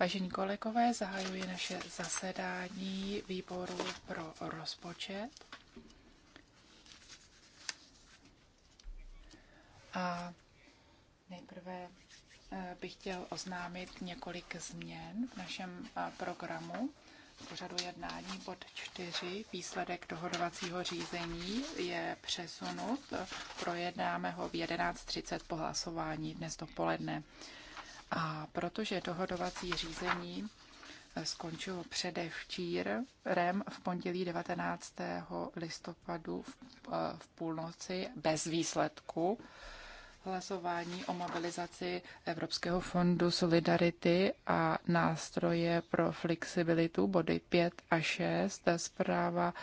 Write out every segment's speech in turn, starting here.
Vážení kolegové, zahajuji naše zasedání výboru pro rozpočet. A nejprve eh, bych chtěl oznámit několik změn v našem eh, programu pořadu jednání bod 4. Výsledek dohodovacího řízení je přesunut. Projednáme ho v 11.30 po hlasování dnes dopoledne. A protože dohodovací řízení eh, skončilo předevčírem v pondělí 19. listopadu v, eh, v půlnoci bez výsledku, hlasování o mobilizaci Evropského fondu Solidarity a nástroje pro flexibilitu body 5 a 6. Zpráva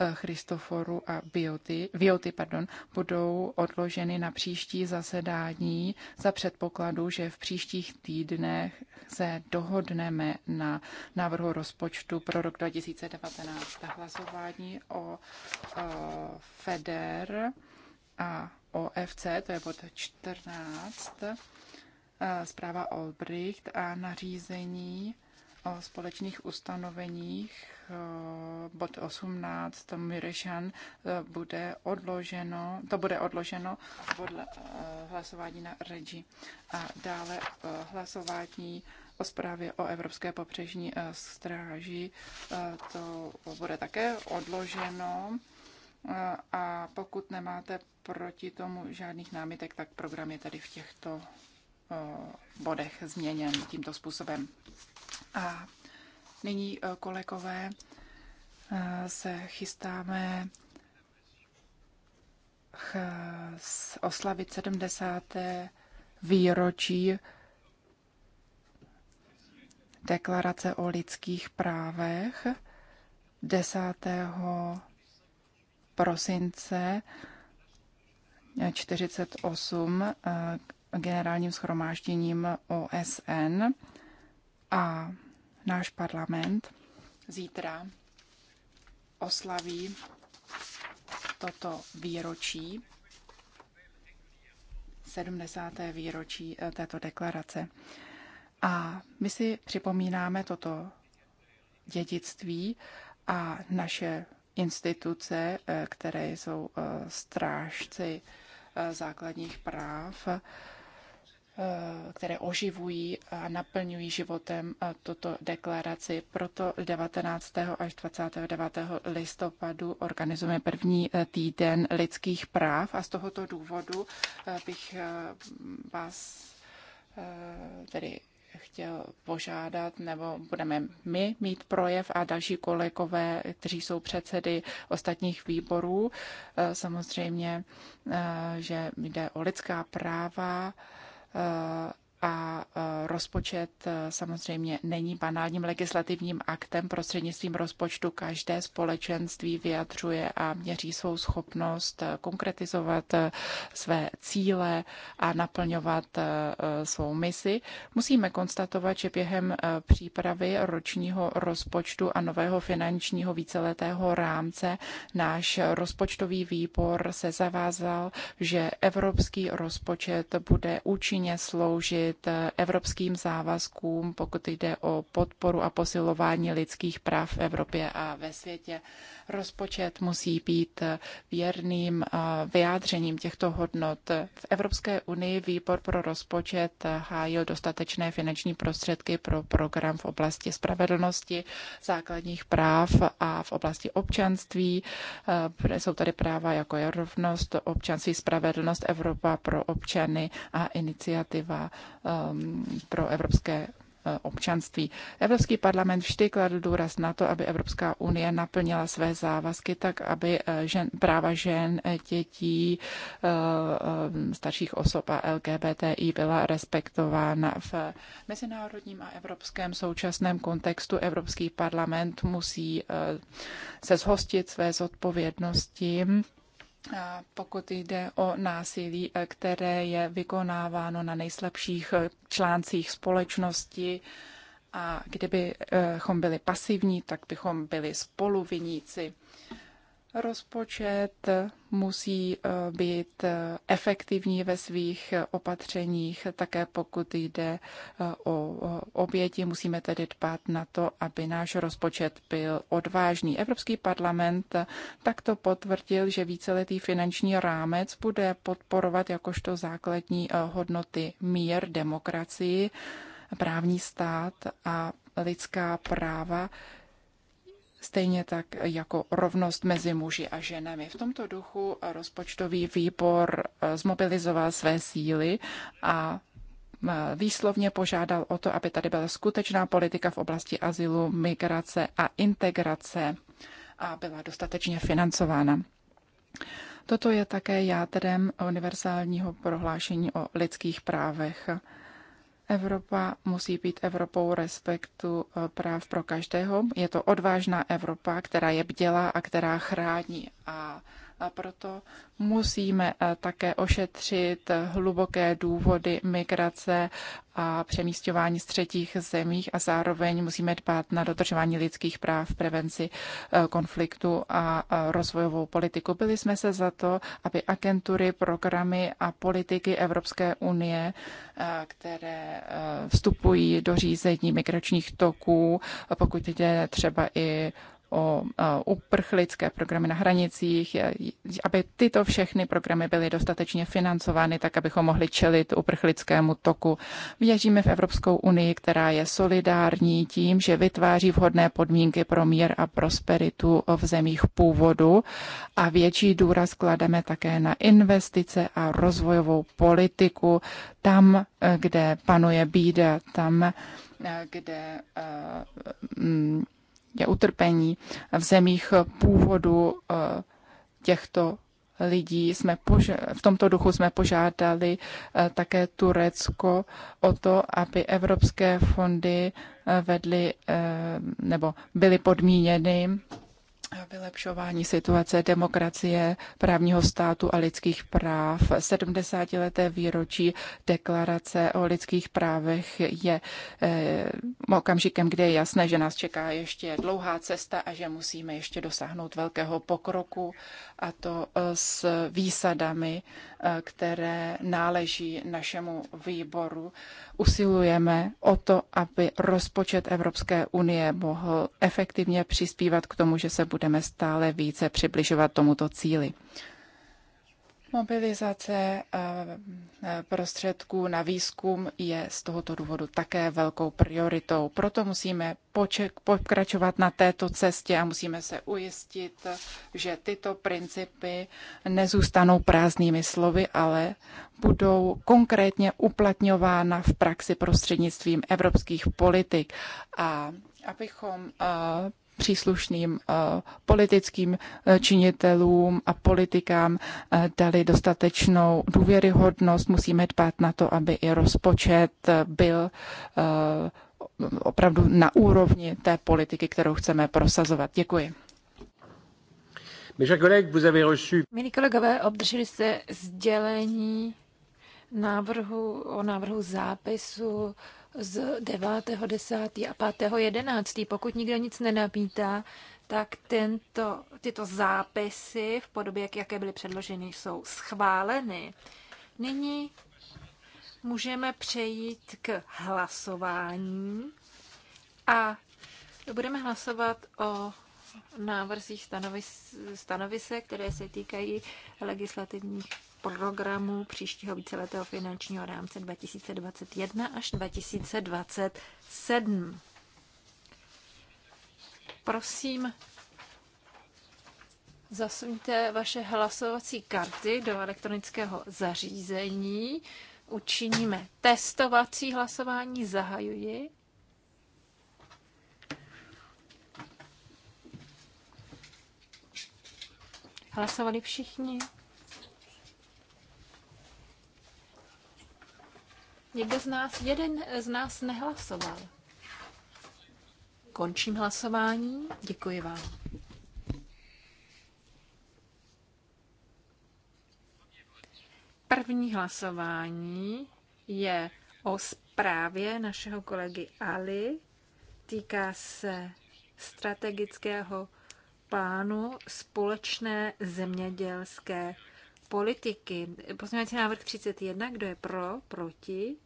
eh, Christoforu a Bioty, Bioty pardon, budou odloženy na příští zasedání za předpokladu, že v příštích týdnech se dohodneme na návrhu rozpočtu pro rok 2019. Hlasování o, o eh, FEDER a OFC, to je bod 14, eh, zpráva Olbricht a nařízení o společných ustanoveních eh, bod 18 Mirešan eh, bude odloženo, to bude odloženo podle hlasování na Regi a dále hlasování o zprávě o Evropské popřežní stráži, to bude také odloženo a pokud nemáte proti tomu žádných námitek, tak program je tady v těchto bodech změněn tímto způsobem. A nyní, kolegové, se chystáme oslavit 70. výročí deklarace o lidských právech 10 prosince 48 eh, eh, generálním schromážděním OSN a náš parlament zítra oslaví toto výročí, 70. výročí eh, této deklarace. A my si připomínáme toto dědictví a naše instituce, eh, které jsou eh, strážci eh, základních práv, které oživují a naplňují životem tuto deklaraci. Proto 19. až 29. listopadu organizujeme první týden lidských práv a z tohoto důvodu bych vás tedy chtěl požádat, nebo budeme my mít projev a další kolegové, kteří jsou předsedy ostatních výborů. Eh, samozřejmě, eh, že jde o lidská práva eh, a e, rozpočet e, samozřejmě není banálním legislativním aktem. Prostřednictvím rozpočtu každé společenství vyjadřuje a měří svou schopnost e, konkretizovat své cíle a naplňovat svou misi. Musíme konstatovat, že během přípravy ročního rozpočtu a nového finančního víceletého rámce náš rozpočtový výbor se zavázal, že evropský rozpočet bude účinně sloužit čelit evropským závazkům, pokud jde o podporu a posilování lidských práv v Evropě a ve světě. Rozpočet musí být věrným vyjádřením těchto hodnot. V Evropské unii výbor pro rozpočet hájil dostatečné finanční prostředky pro program v oblasti spravedlnosti, základních práv a v oblasti občanství. Jsou tady práva jako je rovnost, občanství, spravedlnost, Evropa pro občany a iniciativa Um, pro evropské uh, občanství. Evropský parlament vždy kladl důraz na to, aby Evropská unie naplnila své závazky tak, aby uh, žen, práva žen, dětí, uh, um, starších osob a LGBTI byla respektována v mezinárodním a evropském současném kontextu. Evropský parlament musí se zhostit své zodpovědnosti pokud jde o násilí, e, které je vykonáváno na nejslabších e, článcích společnosti, a kdybychom byli pasivní, tak bychom byli spoluviníci. Rozpočet musí eh, být eh, efektivní ve svých opatřeních, také pokud jde eh, o oběti. Musíme tedy dbát na to, aby náš rozpočet byl odvážný. Evropský parlament takto potvrdil, že víceletý finanční rámec bude podporovat jakožto základní hodnoty mír, demokracii, právní stát a lidská práva stejně tak jako rovnost mezi muži a ženami. V tomto duchu rozpočtový výbor eh, zmobilizoval své síly a eh, výslovně požádal o to, aby tady byla skutečná politika v oblasti azylu, migrace a integrace a byla dostatečně financována. Toto je také jádrem univerzálního prohlášení o lidských právech. Evropa musí být Evropou respektu eh, práv pro každého. Je to odvážná Evropa, která je bdělá a která chrání. A a proto musíme eh, také ošetřit hluboké důvody migrace a přemístování z třetích zemích a zároveň musíme dbát na dodržování lidských práv, prevenci eh, konfliktu a eh, rozvojovou politiku. Byli jsme se za to, aby agentury, programy a politiky Evropské unie, které vstupují do řízení migračních toků, pokud jde třeba i o uprchlické programy na hranicích, aby tyto všechny programy byly dostatečně financovány, tak abychom mohli čelit uprchlickému toku. Věříme v Evropskou unii, která je solidární tím, že vytváří vhodné podmínky pro mír a prosperitu v zemích původu a větší důraz klademe také na investice a rozvojovou politiku tam, eh, kde panuje bída, tam, eh, kde eh, mm, je utrpení v zemích původu eh, těchto lidí. Jsme v tomto duchu jsme požádali eh, také Turecko o to, aby evropské fondy eh, vedly nebo byly podmíněny vylepšování situace demokracie, právního státu a lidských práv. 70-leté výročí deklarace o lidských právech je eh, okamžikem, kde je jasné, že nás čeká ještě dlouhá cesta a že musíme ještě dosáhnout velkého pokroku a to eh, s výsadami, eh, které náleží našemu výboru. Usilujeme o to, aby rozpočet Evropské unie mohl efektivně přispívat k tomu, že se bude budeme stále více přibližovat tomuto cíli. Mobilizace eh, eh, prostředků na výzkum je z tohoto důvodu také velkou prioritou. Proto musíme pokračovat na této cestě a musíme se ujistit, že tyto principy nezůstanou prázdnými slovy, ale budou konkrétně uplatňována v praxi prostřednictvím evropských politik. A abychom eh, příslušným eh, politickým eh, činitelům a politikám eh, dali dostatečnou důvěryhodnost. Musíme dbát na to, aby i rozpočet byl opravdu na úrovni té politiky, kterou chceme prosazovat. Děkuji. Milí kolegové, obdrželi jste sdělení návrhu o návrhu zápisu z 10. a 11. Pokud nikdo nic nenabítá, tak tento, tyto zápisy v podobě, jak, jaké byly předloženy, jsou schváleny. Nyní můžeme přejít k hlasování a budeme hlasovat o návrzích stanovis, stanovisek, které se týkají legislativních programu příštího víceletého finančního rámce 2021 až 2027. Prosím, zasuňte vaše hlasovací karty do elektronického zařízení. Učiníme testovací hlasování. Zahajuji. Hlasovali všichni? Někdo z nás, jeden z nás nehlasoval. Končím hlasování. Děkuji vám. První hlasování je o zprávě našeho kolegy Ali. Týká se strategického plánu společné zemědělské politiky. Pozměňovací návrh 31, kdo je pro, proti,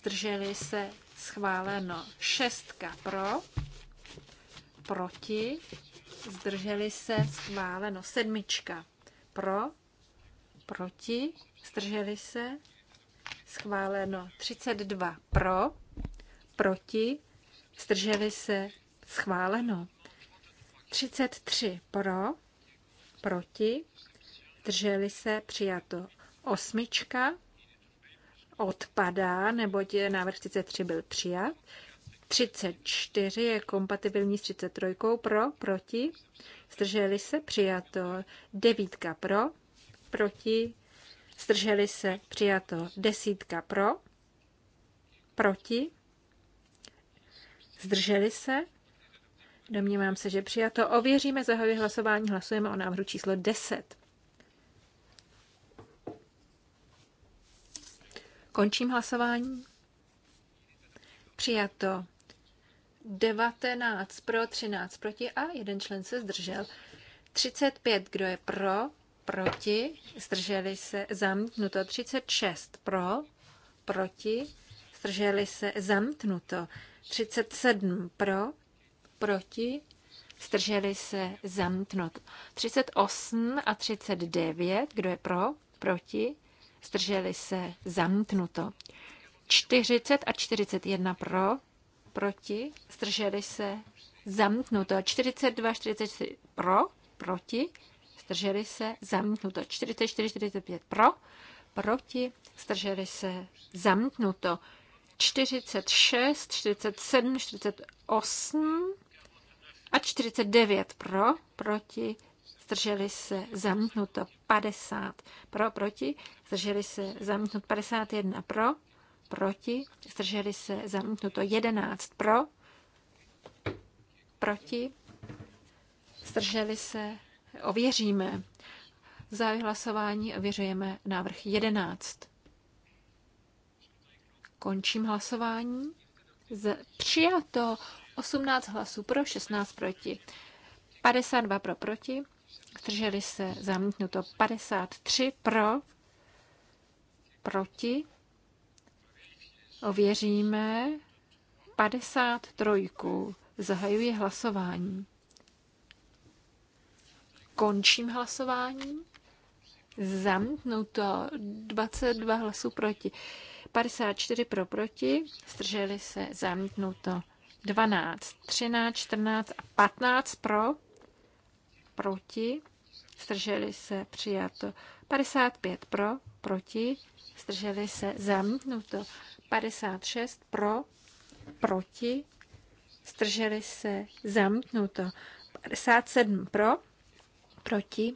zdrželi se schváleno šestka pro, proti, zdrželi se schváleno sedmička pro, proti, zdrželi se schváleno 32 pro, proti, zdrželi se schváleno 33 pro, proti, zdrželi se přijato osmička odpadá, neboť návrh 33 byl přijat. 34 je kompatibilní s 33. Pro, proti, zdrželi se, přijato. 9 pro, proti, zdrželi se, přijato. 10 pro, proti, zdrželi se. Domnívám se, že přijato. Ověříme, zahově hlasování, hlasujeme o návrhu číslo 10. Končím hlasování. Přijato 19 pro, 13 proti a jeden člen se zdržel. 35, kdo je pro, proti, zdrželi se, zamítnuto. 36 pro, proti, zdrželi se, zamítnuto. 37 pro, proti, zdrželi se, zamítnuto. 38 a 39, kdo je pro, proti, zdrželi se, zamítnuto. 40 a 41 pro, proti, zdrželi se, zamítnuto. 42, 43 pro, proti, zdrželi se, zamítnuto. 44, 45 pro, proti, zdrželi se, zamítnuto. 46, 47, 48 a 49 pro, proti, zdrželi se zamítnuto 50 pro, proti, zdrželi se zamítnuto 51 pro, proti, zdrželi se zamítnuto 11 pro, proti, zdrželi se, ověříme. Za hlasování ověřujeme návrh 11. Končím hlasování. Z, přijato 18 hlasů pro, 16 proti. 52 pro proti, zdrželi se zamítnuto 53 pro, proti, ověříme 53. Zahajuji hlasování. Končím hlasování. Zamítnuto 22 hlasů proti. 54 pro proti, zdrželi se zamítnuto 12, 13, 14 a 15 pro proti, zdrželi se přijato. 55 pro, proti, zdrželi se zamítnuto. 56 pro, proti, zdrželi se zamítnuto. 57 pro, proti,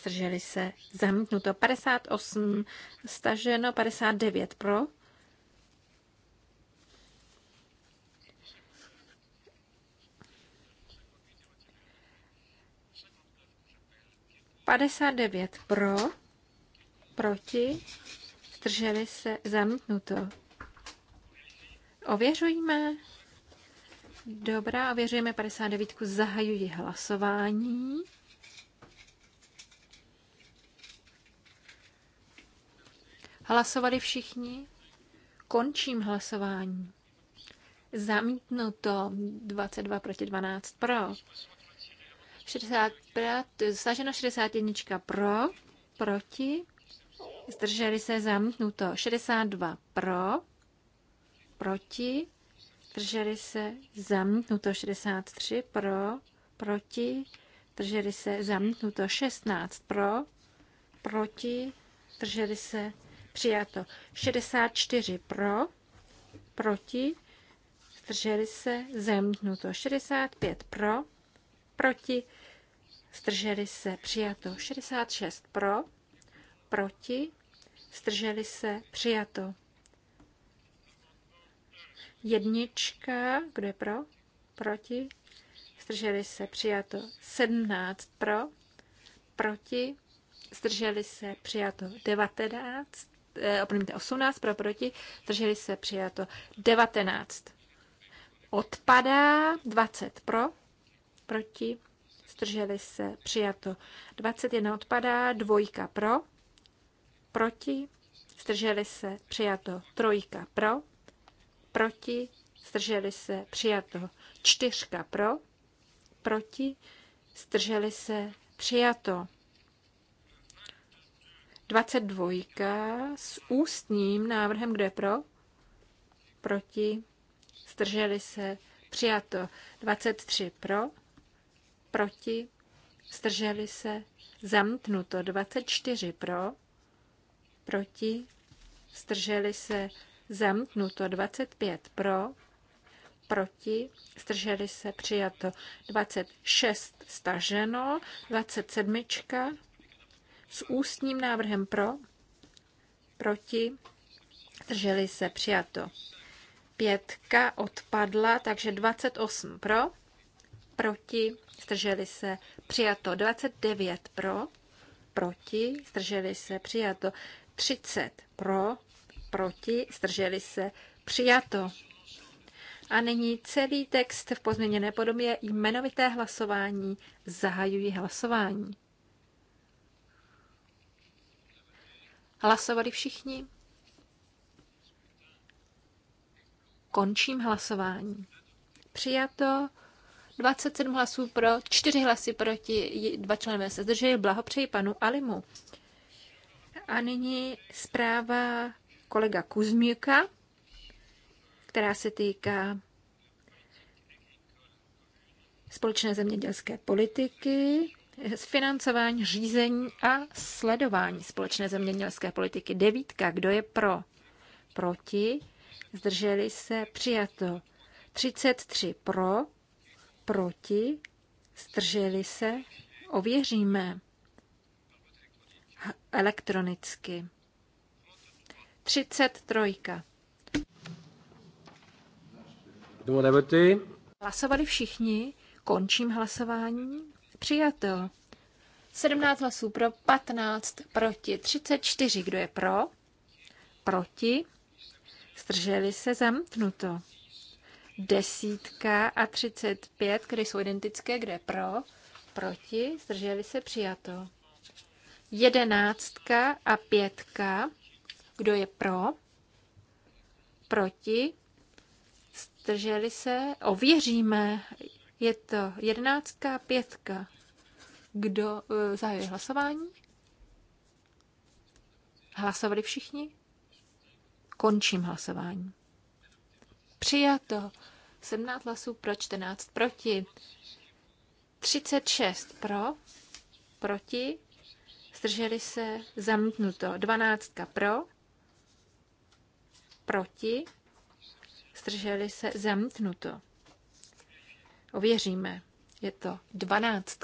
zdrželi se zamítnuto. 58 staženo, 59 pro, 59 pro, proti, zdrželi se, zamítnuto. Ověřujme. Dobrá, ověřujeme 59. Zahajuji hlasování. Hlasovali všichni? Končím hlasování. Zamítnuto 22 proti 12 pro. 60, staženo 61 pro, proti, zdrželi se zamítnuto 62 pro, proti, zdrželi se zamítnuto 63 pro, proti, zdrželi se zamítnuto 16 pro, proti, zdrželi se přijato 64 pro, proti, zdrželi se zamítnuto 65 pro, proti, Zdrželi se přijato 66 pro, proti, zdrželi se přijato. Jednička, kdo je pro, proti, zdrželi se přijato 17 pro, proti, zdrželi se přijato 19, eh, opravdu 18 pro, proti, zdrželi se přijato 19. Odpadá 20 pro, proti, zdrželi se, přijato. 21 odpadá, dvojka pro, proti, zdrželi se, přijato. Trojka pro, proti, zdrželi se, přijato. Čtyřka pro, proti, zdrželi se, přijato. 22 s ústním návrhem, kde pro, proti, zdrželi se, přijato. 23 pro, proti, zdrželi se, zamknuto 24 pro, proti, zdrželi se, zamknuto 25 pro, proti, zdrželi se, přijato 26 staženo, 27 s ústním návrhem pro, proti, zdrželi se, přijato. Pětka odpadla, takže 28 pro, proti, zdrželi se, přijato 29 pro, proti, zdrželi se, přijato 30 pro, proti, zdrželi se, přijato. A nyní celý text v pozměněné podobě jmenovité hlasování. zahajují hlasování. Hlasovali všichni? Končím hlasování. Přijato 27 hlasů pro, 4 hlasy proti, dva členové se zdrželi. Blahopřeji panu Alimu. A nyní zpráva kolega Kuzmíka, která se týká společné zemědělské politiky, financování, řízení a sledování společné zemědělské politiky. Devítka, kdo je pro? Proti? Zdrželi se? Přijato. 33 pro, proti, strželi se, ověříme elektronicky. 33. Hlasovali všichni, končím hlasování. Přijato. 17 hlasů pro, 15 proti, 34. Kdo je pro? Proti? Strželi se zamknuto desítka a 35, které jsou identické, kde pro, proti, zdrželi se, přijato. Jedenáctka a pětka, kdo je pro, proti, zdrželi se, ověříme, je to jedenáctka a pětka. Kdo e, zahajuje hlasování? Hlasovali všichni? Končím hlasování. Přijato 17 hlasů pro, 14 proti. 36 pro, proti, zdrželi se, zamítnuto. 12 pro, proti, zdrželi se, zamítnuto. Ověříme. Je to 12.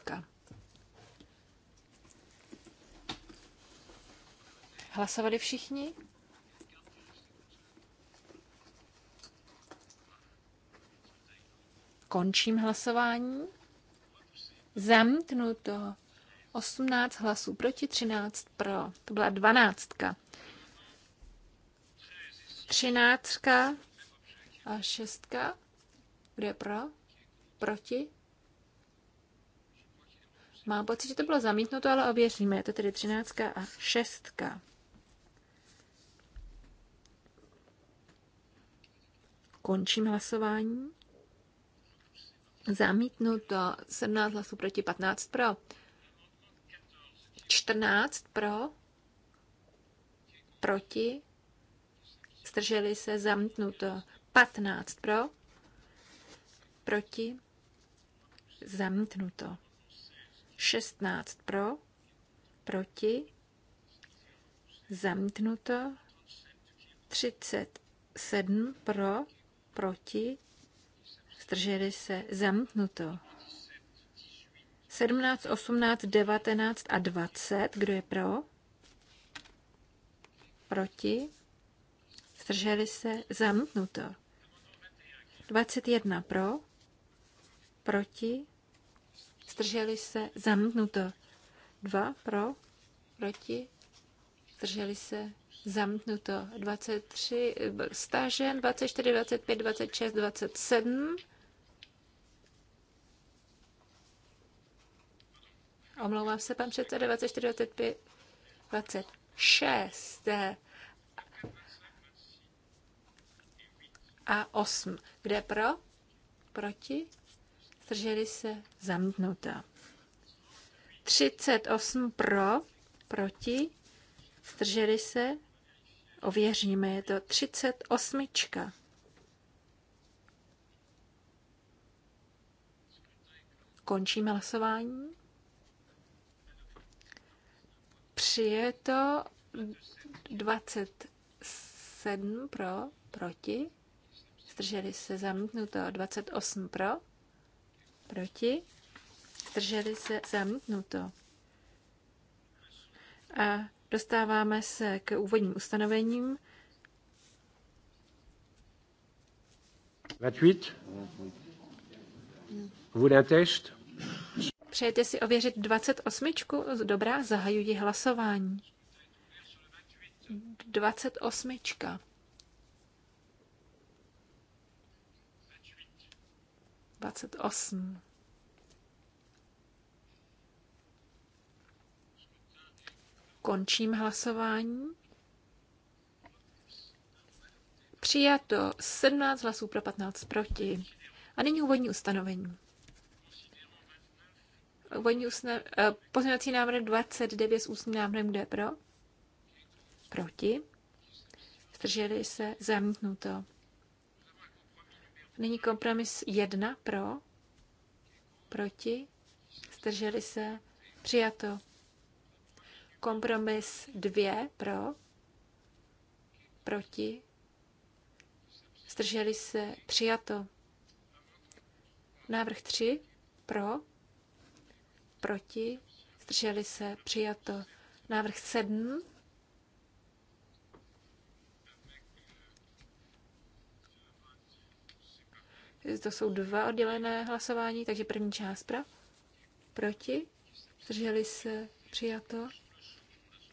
Hlasovali všichni? Končím hlasování. to. 18 hlasů proti, 13 pro. To byla 12. 13 a 6. Kde je pro? Proti? Mám pocit, že to bylo zamítnuto, ale ověříme. Je to tedy 13 a 6. Končím hlasování. Zamítnuto 17 hlasů proti 15 pro. 14 pro, proti, zdrželi se, zamítnuto 15 pro, proti, zamítnuto 16 pro, proti, zamítnuto 37 pro, proti, strželi se, zamknuto. 17, 18, 19 a 20, kdo je pro? Proti? Zdrželi se, zamknuto. 21 pro, proti, zdrželi se, zamknuto. 2 pro, proti, zdrželi se, zamknuto. 23, stažen, 24, 25, 26, 27 Omlouvám se, pan předseda 24, 25, 26 a 8. Kde pro? Proti? Zdrželi se? Zamítnuto. 38 pro, proti, zdrželi se, ověříme, je to 38. Končíme hlasování. Přijeto 27 pro, proti. Zdrželi se zamítnuto 28 pro, proti. Zdrželi se zamítnuto. A dostáváme se k úvodním ustanovením. 28. Vous Přejete si ověřit 28? Dobrá, zahajuji hlasování. 28. 28. Končím hlasování. Přijato 17 hlasů pro 15 proti. A nyní úvodní ustanovení. Úvodní usna... Eh, pozměňovací návrh 29 s ústním návrhem, kde pro? Proti. Zdrželi se zamítnuto. Nyní kompromis 1 pro, proti, zdrželi se, přijato. Kompromis 2 pro, proti, zdrželi se, přijato. Návrh 3 pro, proti, zdrželi se, přijato. Návrh sedm. To jsou dva oddělené hlasování, takže první část pro, proti, zdrželi se, přijato.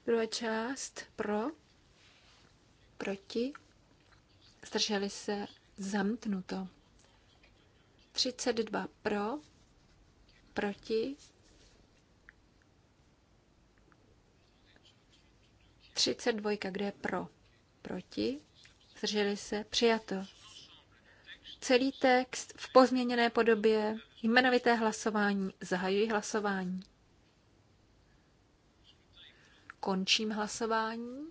Druhá část pro, proti, zdrželi se, zamknuto. 32 pro, proti, 32, kde je pro, proti, zdrželi se, přijato. Celý text v pozměněné podobě, jmenovité hlasování, zahajuji hlasování. Končím hlasování.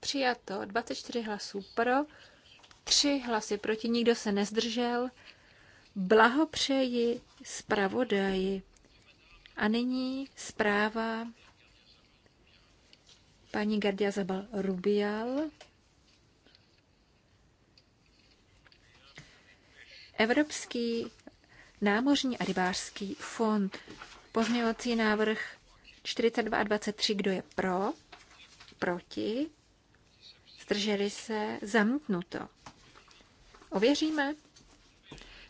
Přijato 24 hlasů pro, 3 hlasy proti, nikdo se nezdržel. Blahopřeji zpravodaji. A nyní zpráva paní Gardia Zabal Rubial. Evropský námořní a rybářský fond. Pozměňovací návrh 42 a 23, kdo je pro, proti, zdrželi se, zamítnuto. Ověříme?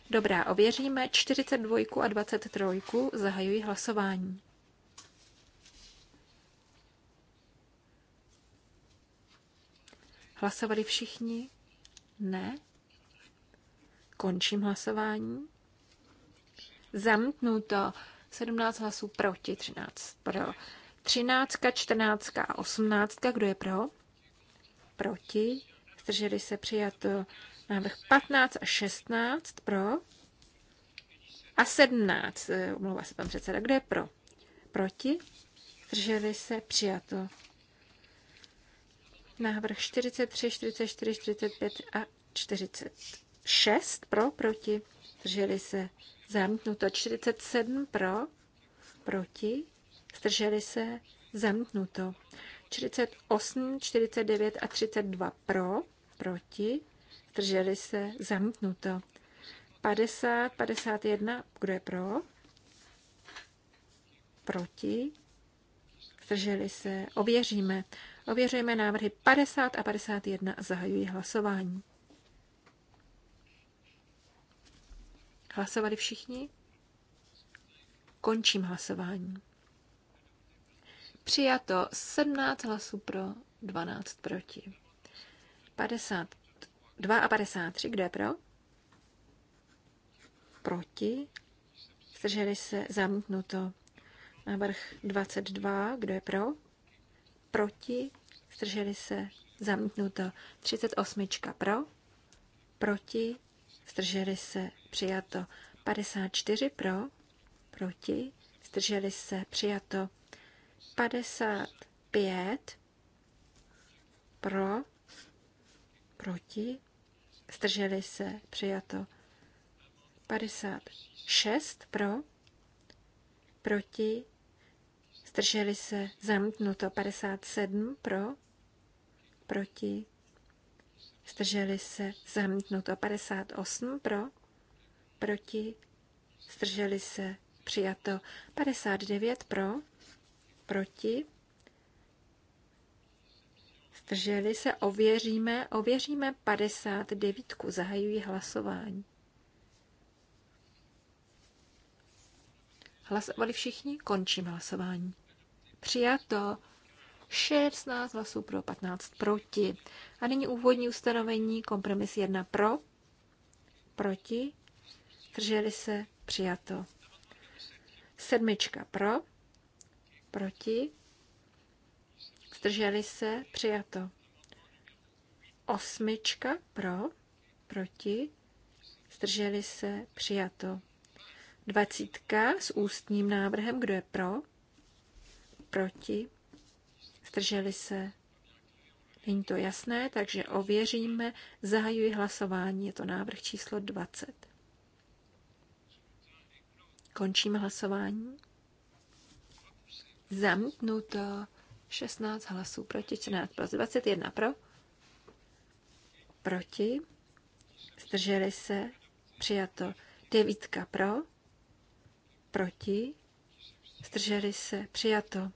Dobrá, ověříme 42 a 23, zahajuji hlasování. Hlasovali všichni? Ne? Končím hlasování. to. 17 hlasů proti, 13 pro. 13, 14 a 18. Kdo je pro? Proti. Zdrželi se přijato návrh 15 a 16 pro. A 17, eh, Omlouvá se pan předseda, Kdo je pro? Proti. Zdrželi se přijato Návrh 43, 44, 45 a 46 pro, proti, zdrželi se zamítnuto. 47 pro, proti, zdrželi se zamítnuto. 48, 49 a 32 pro, proti, zdrželi se zamítnuto. 50, 51, kdo je pro? Proti, zdrželi se, ověříme. Ověřujeme návrhy 50 a 51 a zahajuji hlasování. Hlasovali všichni? Končím hlasování. Přijato 17 hlasů pro, 12 proti. 52 a 53, kde pro? Proti. Zdrželi se zamítnuto. Návrh 22, kdo je pro? proti, zdrželi se, zamítnuto. 38 pro, proti, zdrželi se, přijato. 54 pro, proti, zdrželi se, přijato. 55 pro, proti, zdrželi se, přijato. 56 pro, proti, zdrželi se, zamítnuto 57 pro, proti, zdrželi se, zamítnuto 58 pro, proti, zdrželi se, přijato 59 pro, proti, zdrželi se, ověříme, ověříme 59, zahajují hlasování. Hlasovali všichni? Končím hlasování. Přijato 16 hlasů pro, 15 proti. A nyní úvodní ustanovení, kompromis 1 pro, proti, drželi se, přijato. Sedmička pro, proti, zdrželi se, přijato. Osmička pro, proti, zdrželi se, přijato. Dvacítka s ústním návrhem, kdo je pro, proti, zdrželi se. Není to jasné, takže ověříme. Zahajuji hlasování. Je to návrh číslo 20. Končím hlasování. Zamítnuto 16 hlasů proti, 14 plus 21 pro. Proti. Zdrželi se. Přijato 9 pro. Proti. Zdrželi se. Přijato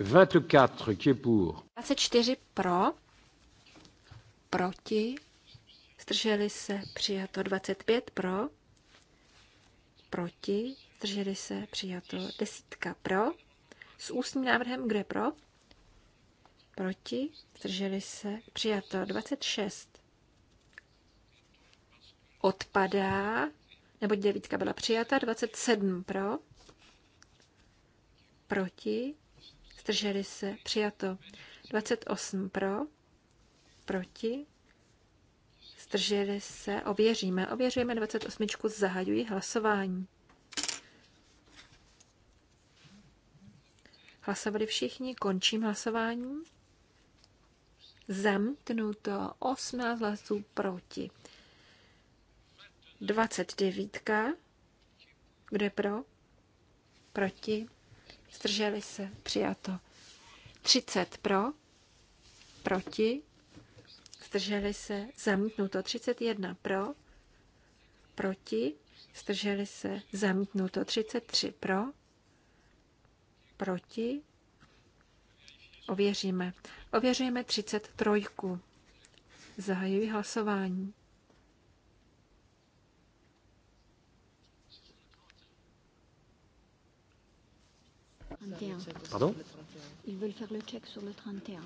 24, qui est pour? 24 pro, proti, zdrželi se, přijato 25 pro, proti, zdrželi se, přijato desítka pro, s ústním návrhem, kde pro, proti, zdrželi se, přijato 26 odpadá, nebo devítka byla přijata, 27 pro, proti, zdrželi se, přijato. 28 pro, proti, zdrželi se, ověříme. Ověřujeme 28, zahajuji hlasování. Hlasovali všichni, končím hlasování. Zamknuto 18 hlasů proti. 29. kde pro? Proti? zdrželi se, přijato. 30 pro, proti, zdrželi se, zamítnuto. 31 pro, proti, zdrželi se, zamítnuto. 33 pro, proti, ověříme. Ověříme 33. Zahajuji hlasování. 31. Pardon Ils veulent faire le check sur le 31.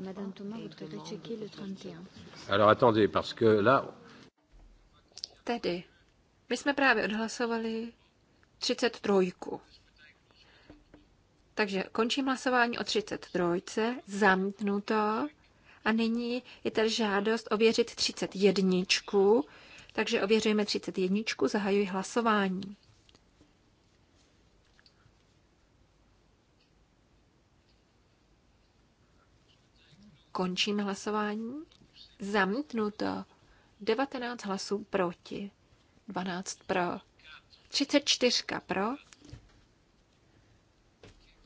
Madame Thomas voudrait checker le 31. Alors attendez, parce que là... Tedy, my jsme právě odhlasovali 33. Takže končím hlasování o 33. Zamknuto. A nyní je tady žádost ověřit 31. Takže ověřujeme 31. Zahajuji hlasování. Končím hlasování. Zamítnuto. 19 hlasů proti. 12 pro. 34 pro.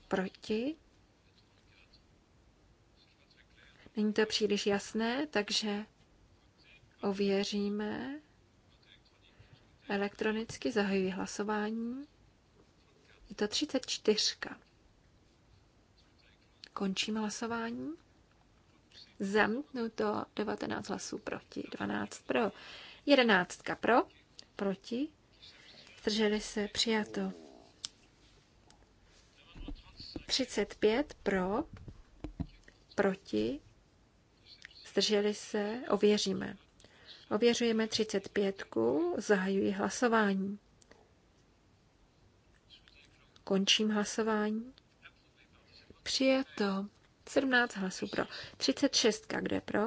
Proti. Není to příliš jasné, takže ověříme. Elektronicky zahajuji hlasování. Je to 34. Končím hlasování. Zamítnuto 19 hlasů proti, 12 pro. 11 pro, proti. Zdrželi se přijato. 35 pro, proti. Zdrželi se, ověříme. Ověřujeme 35. Zahajuji hlasování. Končím hlasování. Přijato. 17 hlasů pro. 36, kdo je pro?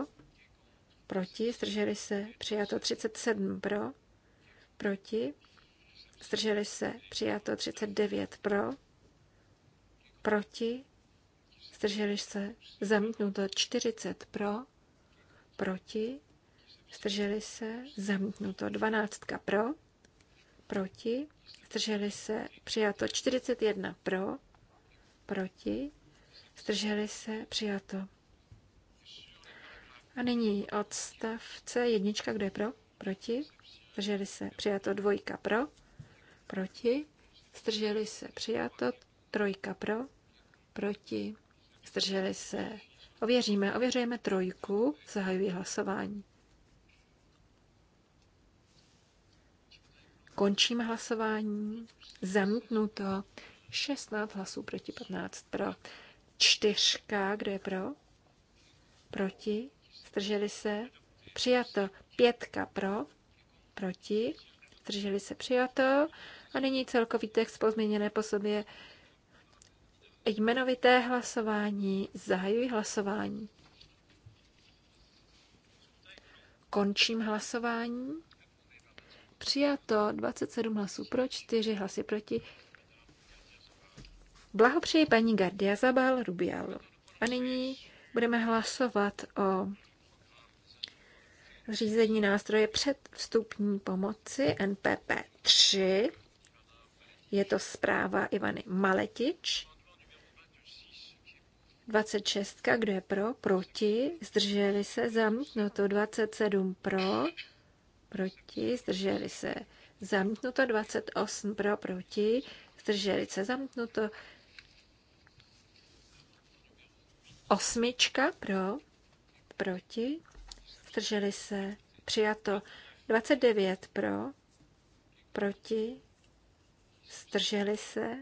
Proti, zdrželi se, přijato 37 pro. Proti, zdrželi se, přijato 39 pro. Proti, zdrželi se, zamítnuto 40 pro. Proti, zdrželi se, zamítnuto 12 pro. Proti, zdrželi se, přijato 41 pro. Proti, zdrželi se, přijato. A nyní odstavce jednička, kde je pro, proti, zdrželi se, přijato, dvojka pro, proti, zdrželi se, přijato, trojka pro, proti, zdrželi se. Ověříme, ověřujeme trojku, zahajuji hlasování. Končím hlasování. Zamítnuto. 16 hlasů proti 15 pro čtyřka, kdo je pro? Proti? Zdrželi se? Přijato. Pětka pro? Proti? Zdrželi se? Přijato. A nyní celkový text pozměněné po sobě jmenovité hlasování. Zahajuji hlasování. Končím hlasování. Přijato 27 hlasů pro, 4 hlasy proti, Blahopřeji paní Gardia Zabal Rubial. A nyní budeme hlasovat o zřízení nástroje předvstupní pomoci NPP 3. Je to zpráva Ivany Maletič. 26. Kdo je pro? Proti. Zdrželi se. Zamítnuto. 27 pro. Proti. Zdrželi se. Zamítnuto. 28 pro. Proti. Zdrželi se. Zamítnuto. Osmička pro, proti, zdrželi se, přijato. 29 pro, proti, zdrželi se,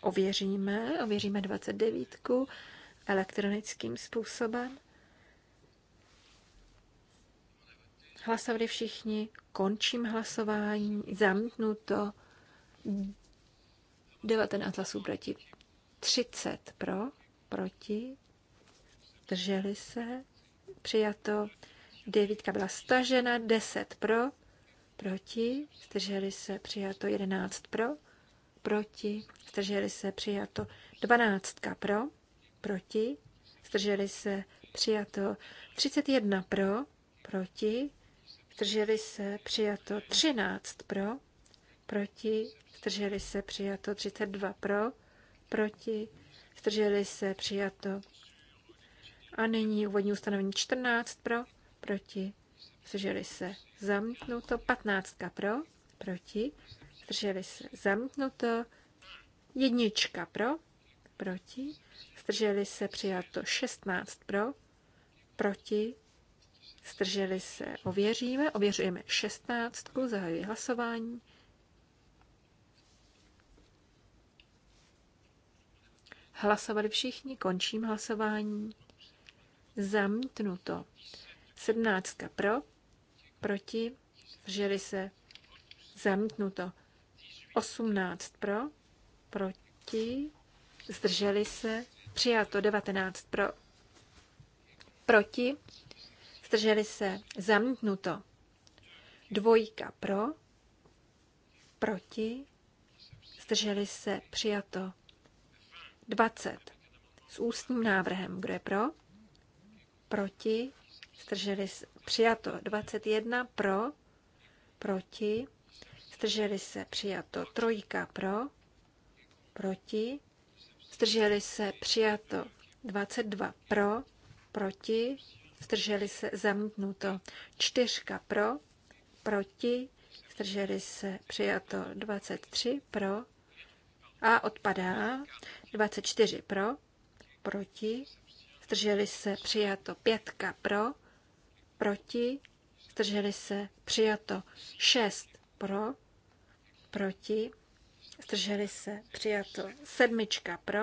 ověříme, ověříme 29 elektronickým způsobem. Hlasovali všichni, končím hlasování, zamítnuto 19 hlasů proti 30 pro, proti, drželi se, přijato, devítka byla stažena, deset pro, proti, drželi se, přijato, jedenáct pro, proti, drželi se, přijato, dvanáctka pro, proti, drželi se, přijato, třicet jedna pro, proti, drželi se, přijato, třináct pro, proti, drželi se, přijato, třicet dva pro, proti, zdrželi se, přijato. A nyní úvodní ustanovení 14 pro, proti, zdrželi se, zamknuto 15 pro, proti, zdrželi se, zamknuto jednička pro, proti, zdrželi se, přijato 16 pro, proti, zdrželi se, ověříme, ověřujeme 16, zahajuji hlasování. Hlasovali všichni, končím hlasování. Zamítnuto. Sedmnáctka pro, proti, zdrželi se, zamítnuto. Osmnáct pro, proti, zdrželi se, přijato devatenáct pro, proti, zdrželi se, zamítnuto. Dvojka pro, proti, zdrželi se, přijato 20 s ústním návrhem. Kdo je pro? Proti? Strželi se. Přijato. 21 pro? Proti? Strželi se. Přijato. Trojka pro? Proti? Strželi se. Přijato. 22 pro? Proti? Strželi se. Zamítnuto. Čtyřka pro? Proti? Strželi se. Přijato. 23 pro? A odpadá 24 pro, proti, zdrželi se přijato 5 pro, proti, zdrželi se přijato 6 pro, proti, zdrželi se přijato 7 pro,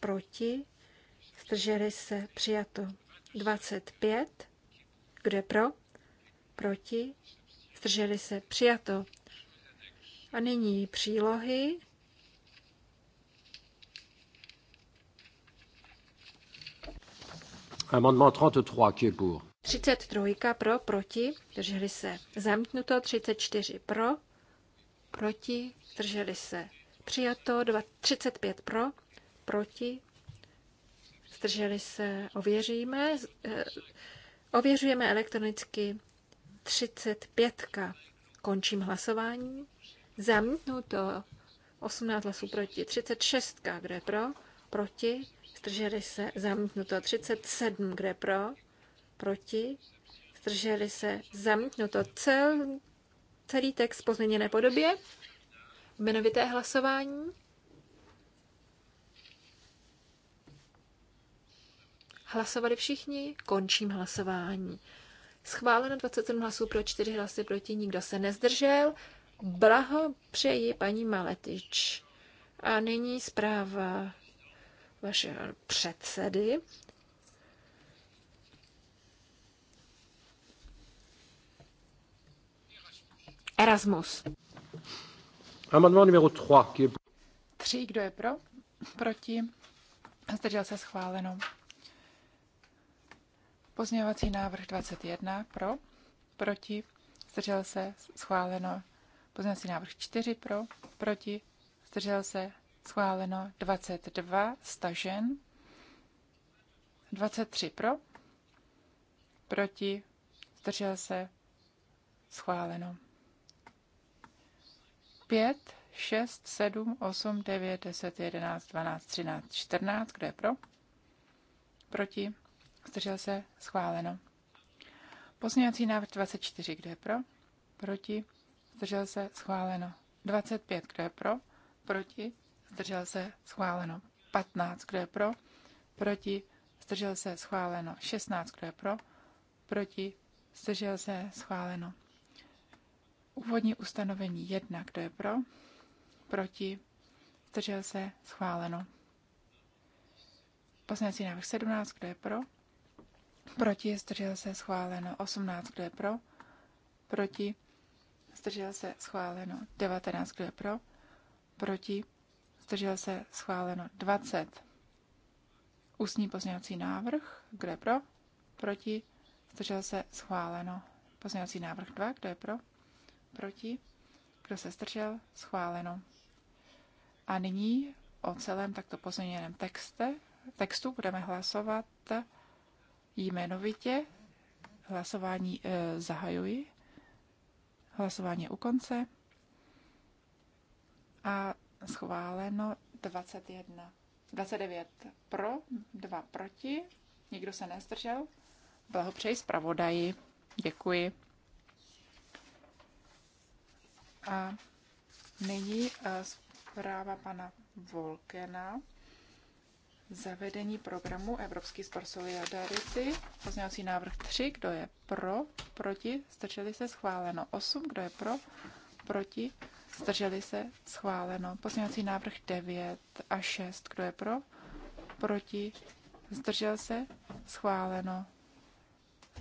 proti, zdrželi se přijato 25, kdo je pro, proti, zdrželi se přijato. A nyní přílohy. Amendement 33, qui est pour? 33 pro, proti, drželi se. Zamítnuto 34 pro, proti, drželi se. Přijato 35 pro, proti, zdrželi se. Ověříme, eh, ověřujeme elektronicky 35. Končím hlasování. Zamítnuto 18 hlasů proti, 36, je pro, proti, zdrželi se, zamítnuto 37, kde pro, proti, zdrželi se, zamítnuto cel, celý text v pozměněné podobě, jmenovité hlasování. Hlasovali všichni, končím hlasování. Schváleno 27 hlasů pro 4 hlasy proti, nikdo se nezdržel. Blaho přeji paní Maletič. A nyní zpráva vaše předsedy. Erasmus. Amendement numéro 3. Qui est... 3, kdo je pro? Proti? Zdržel se schváleno. Pozměňovací návrh 21 pro, proti, zdržel se, schváleno. Pozměňovací návrh 4 pro, proti, zdržel se, schváleno 22, stažen, 23 pro, proti, zdržel se, schváleno. 5, 6, 7, 8, 9, 10, 11, 12, 13, 14, kdo je pro, proti, zdržel se, schváleno. Pozměňovací návrh 24, kdo je pro, proti, zdržel se, schváleno. 25, kdo je pro, proti, zdržel se, schváleno. 15, kdo je pro, proti, zdržel se, schváleno. 16, kdo je pro, proti, zdržel se, schváleno. Úvodní ustanovení 1, kdo je pro, proti, zdržel se, schváleno. Poslanecí návrh 17, kdo je pro, proti, zdržel se, schváleno. 18, kdo je pro, proti, zdržel se, schváleno. 19, kdo je pro, proti, zdržel se, schváleno 20. Ústní pozměňovací návrh, kde pro, proti, zdržel se, schváleno. Pozměňovací návrh 2, kde pro, proti, kdo se zdržel, schváleno. A nyní o celém takto pozměněném texte, textu budeme hlasovat jmenovitě. Hlasování e, zahajuji. Hlasování je u konce. A schváleno 21. 29 pro, 2 proti, nikdo se nezdržel. Blahopřeji zpravodaji, děkuji. A nyní eh, zpráva pana Volkena. Zavedení programu Evropský spor solidarity. Pozměňovací návrh 3. Kdo je pro? Proti? Strčili se schváleno. 8. Kdo je pro? Proti? Zdrželi se? Schváleno. Pozměňovací návrh 9 a 6. Kdo je pro? Proti? Zdržel se? Schváleno.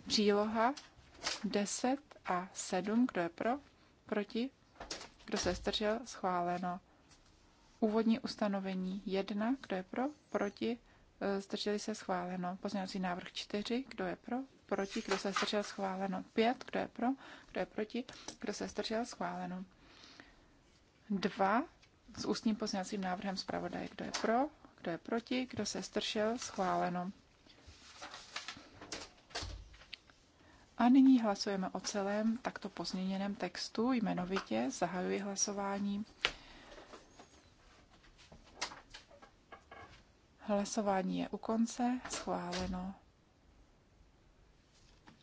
Příloha 10 a 7. Kdo je pro? Proti? Kdo se zdržel? Schváleno. Úvodní ustanovení 1. Kdo je pro? Proti? Zdrželi se? Schváleno. Pozměňovací návrh 4. Kdo je pro? Proti? Kdo se zdržel? Schváleno. 5. Kdo je pro? Kdo je proti? Kdo se zdržel? Schváleno. 2 s ústním pozněcím návrhem zpravodaje. Kdo je pro, kdo je proti, kdo se stršel, schváleno. A nyní hlasujeme o celém takto pozměněném textu jmenovitě. Zahajuji hlasování. Hlasování je u konce, schváleno.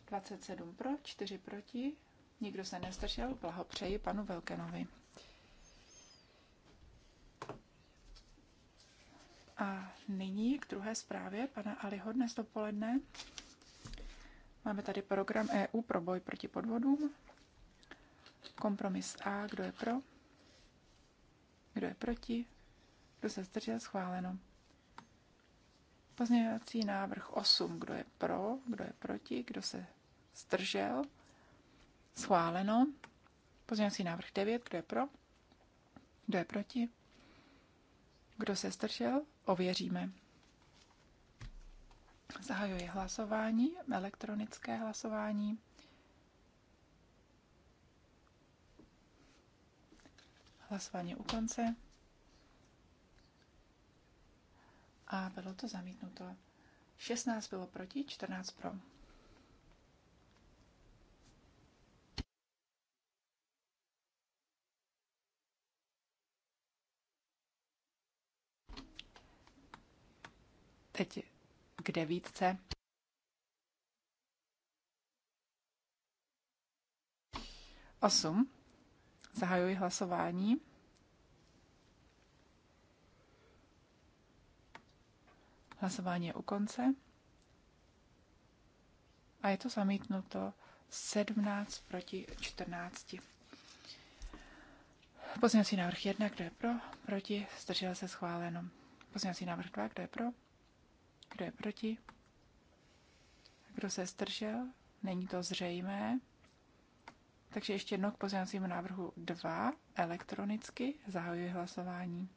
27 pro, 4 proti, nikdo se nestršel, blahopřeji panu Velkenovi. A nyní k druhé zprávě pana Aliho dnes dopoledne. Máme tady program EU pro boj proti podvodům. Kompromis A, kdo je pro? Kdo je proti? Kdo se zdržel? Schváleno. Pozměňovací návrh 8. Kdo je pro? Kdo je proti? Kdo se zdržel? Schváleno. Pozměňovací návrh 9. Kdo je pro? Kdo je proti? Kdo se zdržel? ověříme. Zahajuji hlasování, elektronické hlasování. Hlasování u konce. A bylo to zamítnuto. 16 bylo proti, 14 pro. teď k devítce. Osm. Zahajuji hlasování. Hlasování je u konce. A je to zamítnuto 17 proti 14. Pozměňovací návrh 1, kdo je pro, proti, zdržel se schváleno. Pozměňovací návrh 2, kdo je pro, kdo je proti? Kdo se zdržel? Není to zřejmé. Takže ještě jednou k pozměňovacímu návrhu 2 elektronicky zahajuji hlasování.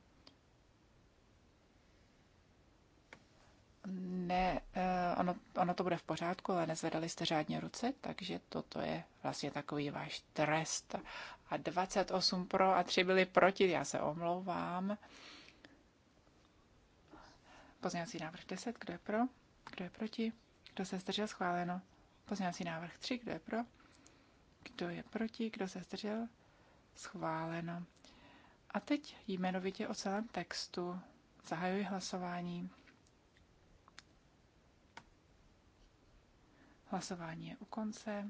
Ne, eh, ono, ono to bude v pořádku, ale nezvedali jste řádně ruce, takže toto je vlastně takový váš trest. A 28 pro a 3 byli proti, já se omlouvám. Pozměňovací návrh 10, kdo je pro, kdo je proti, kdo se zdržel, schváleno. Pozměňovací návrh 3, kdo je pro, kdo je proti, kdo se zdržel, schváleno. A teď jmenovitě o celém textu zahajuji hlasování. Hlasování je u konce.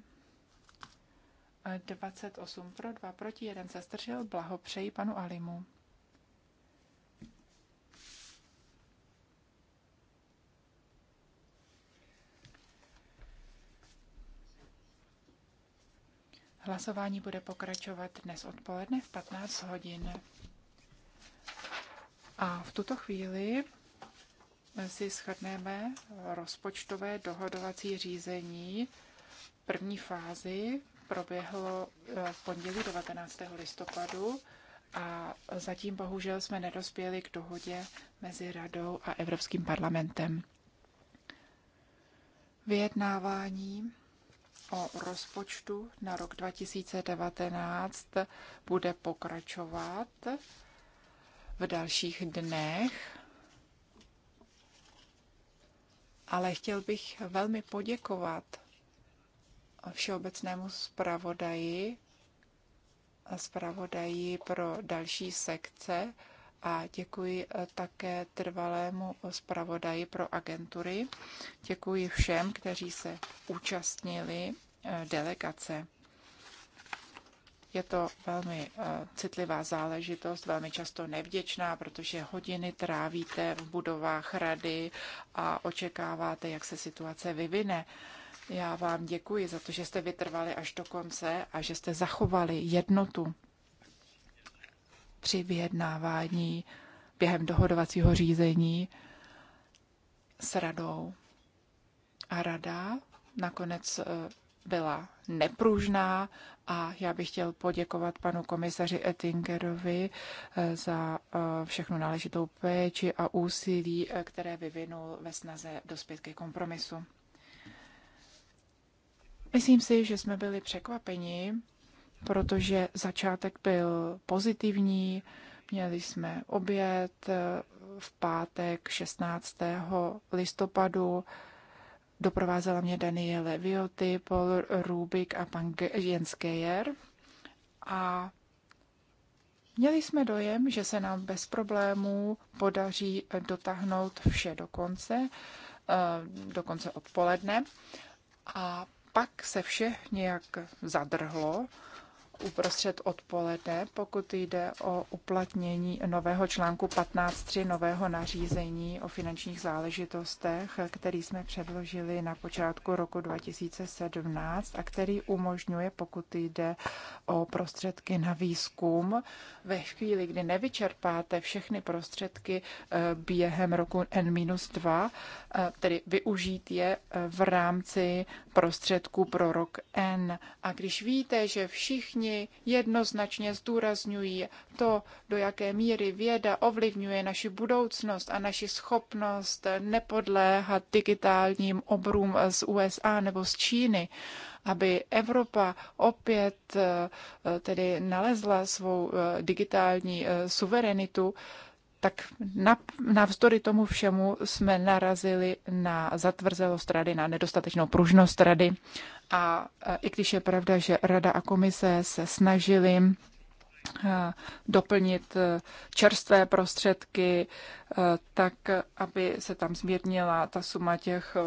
28 pro, 2 proti, 1 se zdržel. Blahopřeji panu Alimu. Hlasování bude pokračovat dnes odpoledne v 15 hodin. A v tuto chvíli si shrneme rozpočtové dohodovací řízení. První fázi proběhlo eh, v pondělí 19. listopadu a zatím bohužel jsme nedospěli k dohodě mezi Radou a Evropským parlamentem. Vyjednávání o rozpočtu na rok 2019 bude pokračovat v dalších dnech. Ale chtěl bych velmi poděkovat všeobecnému zpravodaji a zpravodaji pro další sekce a děkuji eh, také trvalému zpravodaji pro agentury. Děkuji všem, kteří se účastnili eh, delegace. Je to velmi eh, citlivá záležitost, velmi často nevděčná, protože hodiny trávíte v budovách rady a očekáváte, jak se situace vyvine. Já vám děkuji za to, že jste vytrvali až do konce a že jste zachovali jednotu při vyjednávání během dohodovacího řízení s radou. A rada nakonec eh, byla nepružná a já bych chtěl poděkovat panu komisaři Ettingerovi eh, za eh, všechnu náležitou péči a úsilí, které vyvinul ve snaze dospět ke kompromisu. Myslím si, že jsme byli překvapeni protože začátek byl pozitivní. Měli jsme oběd eh, v pátek 16. listopadu. Doprovázela mě Daniele Vioty, Paul Rubik a pan Jens Geyer. A Měli jsme dojem, že se nám bez problémů podaří eh, dotáhnout vše do konce, eh, do konce odpoledne. A pak se vše nějak zadrhlo uprostřed odpoledne, pokud jde o uplatnění nového článku 15.3 nového nařízení o finančních záležitostech, který jsme předložili na počátku roku 2017 a který umožňuje, pokud jde o prostředky na výzkum, ve chvíli, kdy nevyčerpáte všechny prostředky eh, během roku N-2, eh, tedy využít je eh, v rámci prostředků pro rok N. A když víte, že všichni jednoznačně zdůrazňují to, do jaké míry věda ovlivňuje naši budoucnost a naši schopnost nepodléhat digitálním obrům z USA nebo z Číny, aby Evropa opět eh, tedy nalezla svou eh, digitální eh, suverenitu, tak navzdory tomu všemu jsme narazili na zatvrzelost rady, na nedostatečnou pružnost rady. A e, i když je pravda, že rada a komise se snažili e, doplnit e, čerstvé prostředky, tak aby se tam zmírnila ta suma těch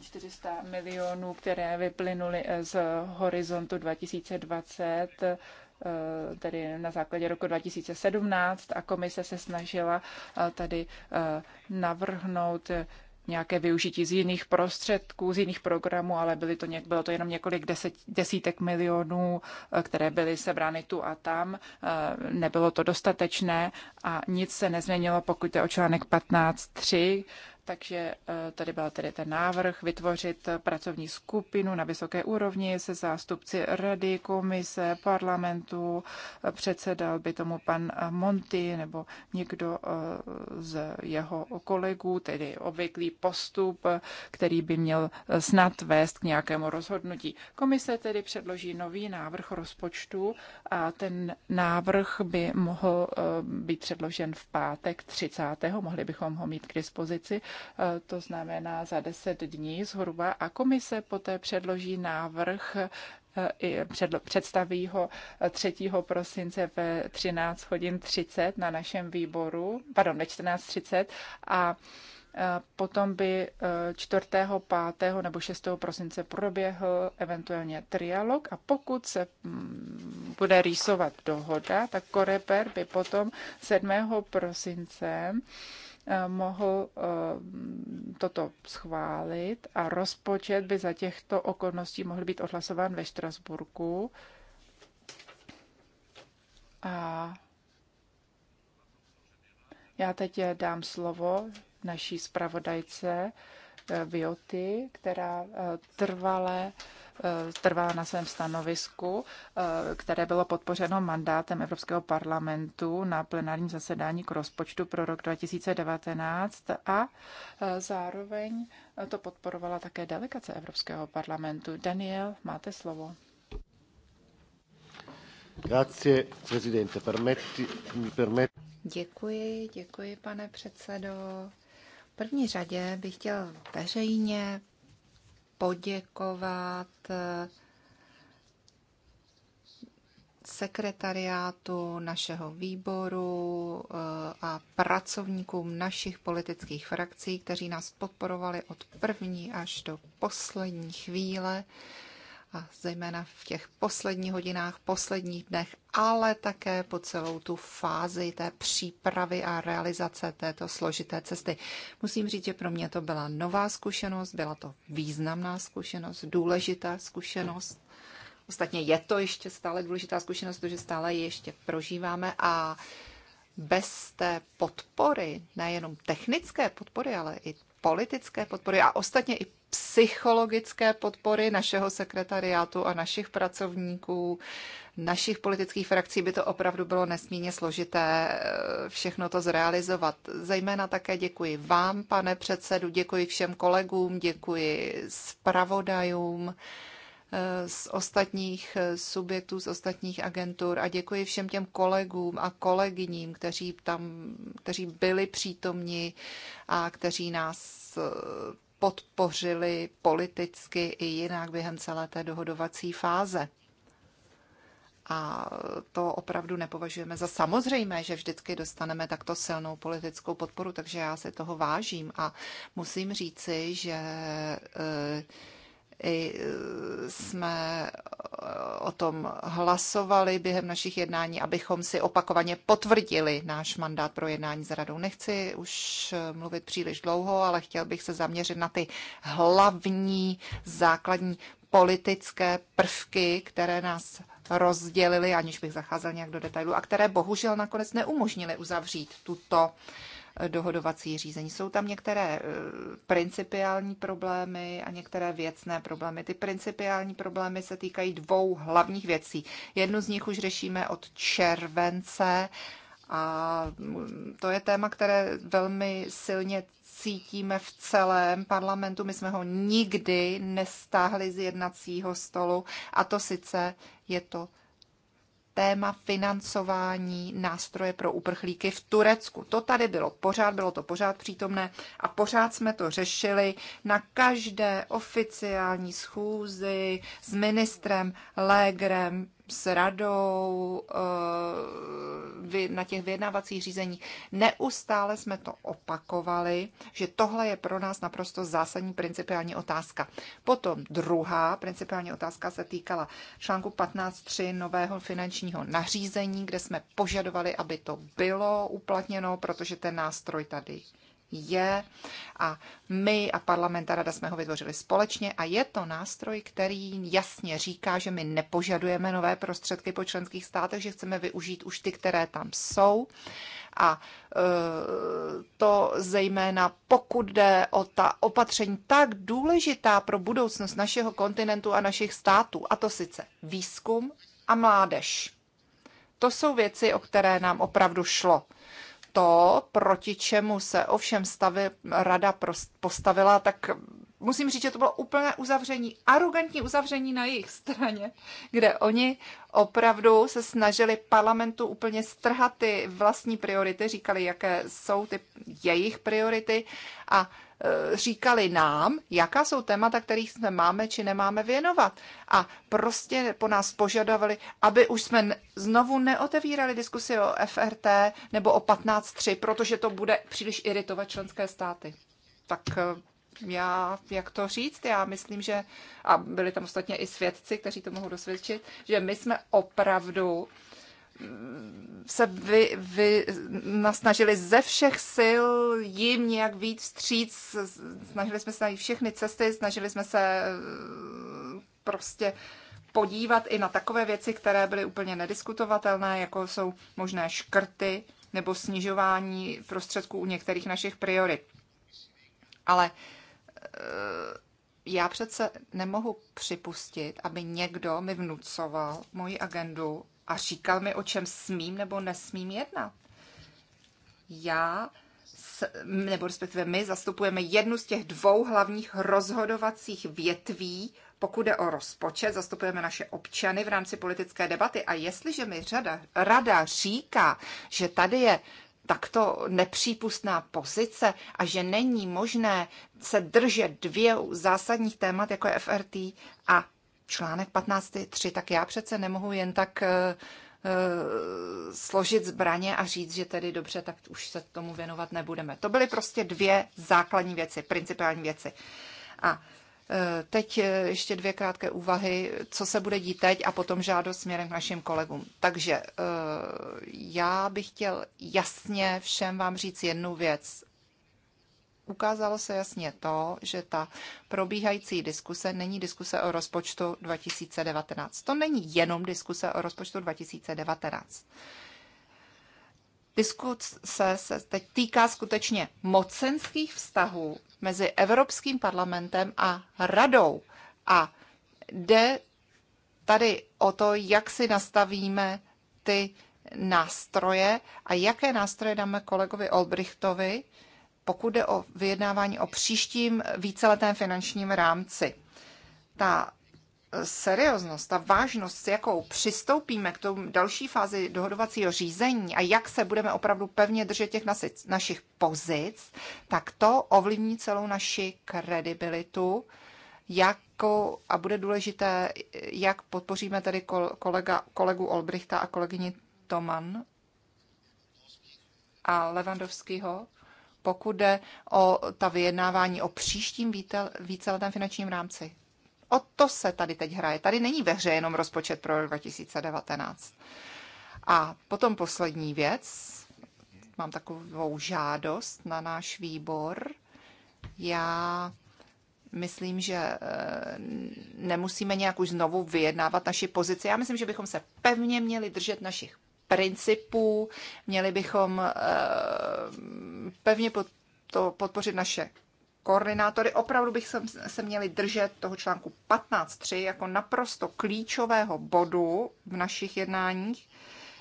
400 milionů, které vyplynuly z horizontu 2020 Eh, tedy na základě roku 2017 a komise se snažila eh, tady eh, navrhnout nějaké využití z jiných prostředků, z jiných programů, ale byly to, bylo to jenom několik deset, desítek milionů, které byly sebrány tu a tam. Nebylo to dostatečné a nic se nezměnilo, pokud je o článek 15.3, takže eh, tady byl tedy ten návrh vytvořit pracovní skupinu na vysoké úrovni se zástupci rady, komise, parlamentu. Předsedal by tomu pan eh, Monty nebo někdo eh, z jeho kolegů, tedy obvyklý postup, který by měl snad vést k nějakému rozhodnutí. Komise tedy předloží nový návrh rozpočtu a ten návrh by mohl být předložen v pátek 30. Mohli bychom ho mít k dispozici Eh, to znamená za 10 dní zhruba, a komise poté předloží návrh eh, i předlo, představí ho 3. Eh, prosince ve 13 hodin 30 na našem výboru, pardon, ve 14.30 a Potom by 4., 5. nebo 6. prosince proběhl eventuálně trialog a pokud se mm, bude rýsovat dohoda, tak Koreper by potom 7. prosince mohl eh, toto schválit a rozpočet by za těchto okolností mohl být odhlasován ve Štrasburku. A já teď dám slovo naší zpravodajce eh, Vioty, která eh, trvale Eh, trvá na svém stanovisku, eh, které bylo podpořeno mandátem Evropského parlamentu na plenárním zasedání k rozpočtu pro rok 2019 a eh, zároveň to podporovala také delegace Evropského parlamentu. Daniel, máte slovo. Grazie, presidente. Permetti, mi Děkuji, děkuji, pane předsedo. V první řadě bych chtěl veřejně poděkovat eh, sekretariátu našeho výboru eh, a pracovníkům našich politických frakcí, kteří nás podporovali od první až do poslední chvíle a zejména v těch posledních hodinách, posledních dnech, ale také po celou tu fázi té přípravy a realizace této složité cesty. Musím říct, že pro mě to byla nová zkušenost, byla to významná zkušenost, důležitá zkušenost. Ostatně je to ještě stále důležitá zkušenost, protože stále ji ještě prožíváme a bez té podpory, nejenom technické podpory, ale i politické podpory a ostatně i psychologické podpory našeho sekretariátu a našich pracovníků, našich politických frakcí by to opravdu bylo nesmírně složité eh, všechno to zrealizovat. Zejména také děkuji vám, pane předsedu, děkuji všem kolegům, děkuji zpravodajům eh, z ostatních eh, subjektů, z ostatních agentur a děkuji všem těm kolegům a kolegyním, kteří tam, kteří byli přítomni a kteří nás podpořili politicky i jinak během celé té dohodovací fáze. A to opravdu nepovažujeme za samozřejmé, že vždycky dostaneme takto silnou politickou podporu, takže já se toho vážím a musím říci, že eh, E, jsme e, o tom hlasovali během našich jednání, abychom si opakovaně potvrdili náš mandát pro jednání s radou. Nechci už e, mluvit příliš dlouho, ale chtěl bych se zaměřit na ty hlavní základní politické prvky, které nás rozdělily, aniž bych zacházel nějak do detailů, a které bohužel nakonec neumožnily uzavřít tuto uh, dohodovací řízení. Jsou tam některé eh, principiální problémy a některé věcné problémy. Ty principiální problémy se týkají dvou hlavních věcí. Jednu z nich už řešíme od července a mm, to je téma, které velmi silně cítíme v celém parlamentu. My jsme ho nikdy nestáhli z jednacího stolu a to sice je to téma financování nástroje pro uprchlíky v Turecku. To tady bylo pořád, bylo to pořád přítomné a pořád jsme to řešili na každé oficiální schůzi s ministrem Légrem s radou, eh, na těch vyjednávacích řízeních. Neustále jsme to opakovali, že tohle je pro nás naprosto zásadní principiální otázka. Potom druhá principiální otázka se týkala článku 15.3 nového finančního nařízení, kde jsme požadovali, aby to bylo uplatněno, protože ten nástroj tady je a my a parlament a rada jsme ho vytvořili společně a je to nástroj, který jasně říká, že my nepožadujeme nové prostředky po členských státech, že chceme využít už ty, které tam jsou a e, to zejména pokud jde o ta opatření tak důležitá pro budoucnost našeho kontinentu a našich států, a to sice výzkum a mládež. To jsou věci, o které nám opravdu šlo to, proti čemu se ovšem stavy, rada postavila, tak musím říct, že to bylo úplné uzavření, arrogantní uzavření na jejich straně, kde oni opravdu se snažili parlamentu úplně strhat ty vlastní priority, říkali, jaké jsou ty jejich priority a e, říkali nám, jaká jsou témata, kterých jsme máme či nemáme věnovat. A prostě po nás požadovali, aby už jsme znovu neotevírali diskusi o FRT nebo o 15.3, protože to bude příliš iritovat členské státy. Tak e, já, jak to říct, já myslím, že, a byli tam ostatně i svědci, kteří to mohou dosvědčit, že my jsme opravdu mm, se vy, vy nasnažili ze všech sil jim nějak víc vstříc, snažili jsme se najít všechny cesty, snažili jsme se mm, prostě podívat i na takové věci, které byly úplně nediskutovatelné, jako jsou možné škrty nebo snižování prostředků u některých našich priorit. Ale já přece nemohu připustit, aby někdo mi vnucoval moji agendu a říkal mi, o čem smím nebo nesmím jednat. Já, nebo respektive my, zastupujeme jednu z těch dvou hlavních rozhodovacích větví, pokud jde o rozpočet, zastupujeme naše občany v rámci politické debaty. A jestliže mi řada, rada říká, že tady je takto nepřípustná pozice a že není možné se držet dvě zásadních témat, jako je FRT a článek 15.3, tak já přece nemohu jen tak eh, eh, složit zbraně a říct, že tedy dobře, tak už se tomu věnovat nebudeme. To byly prostě dvě základní věci, principální věci. A Eh, teď eh, ještě dvě krátké úvahy, co se bude dít teď a potom žádost směrem k našim kolegům. Takže eh, já bych chtěl jasně všem vám říct jednu věc. Ukázalo se jasně to, že ta probíhající diskuse není diskuse o rozpočtu 2019. To není jenom diskuse o rozpočtu 2019. Diskuse se teď týká skutečně mocenských vztahů mezi Evropským parlamentem a radou. A jde tady o to, jak si nastavíme ty nástroje a jaké nástroje dáme kolegovi Olbrichtovi, pokud jde o vyjednávání o příštím víceletém finančním rámci. Ta serióznost, ta vážnost, s jakou přistoupíme k tomu další fázi dohodovacího řízení a jak se budeme opravdu pevně držet těch našich pozic, tak to ovlivní celou naši kredibilitu jako, a bude důležité, jak podpoříme tedy kolega, kolegu Olbrichta a kolegyni Toman a Levandovského, pokud jde o ta vyjednávání o příštím víceletém finančním rámci. O to se tady teď hraje. Tady není ve hře jenom rozpočet pro rok 2019. A potom poslední věc. Mám takovou žádost na náš výbor. Já myslím, že eh, nemusíme nějak už znovu vyjednávat naši pozici. Já myslím, že bychom se pevně měli držet našich principů, měli bychom eh, pevně pod, to podpořit naše koordinátory opravdu bych se, se měli držet toho článku 15.3 jako naprosto klíčového bodu v našich jednáních,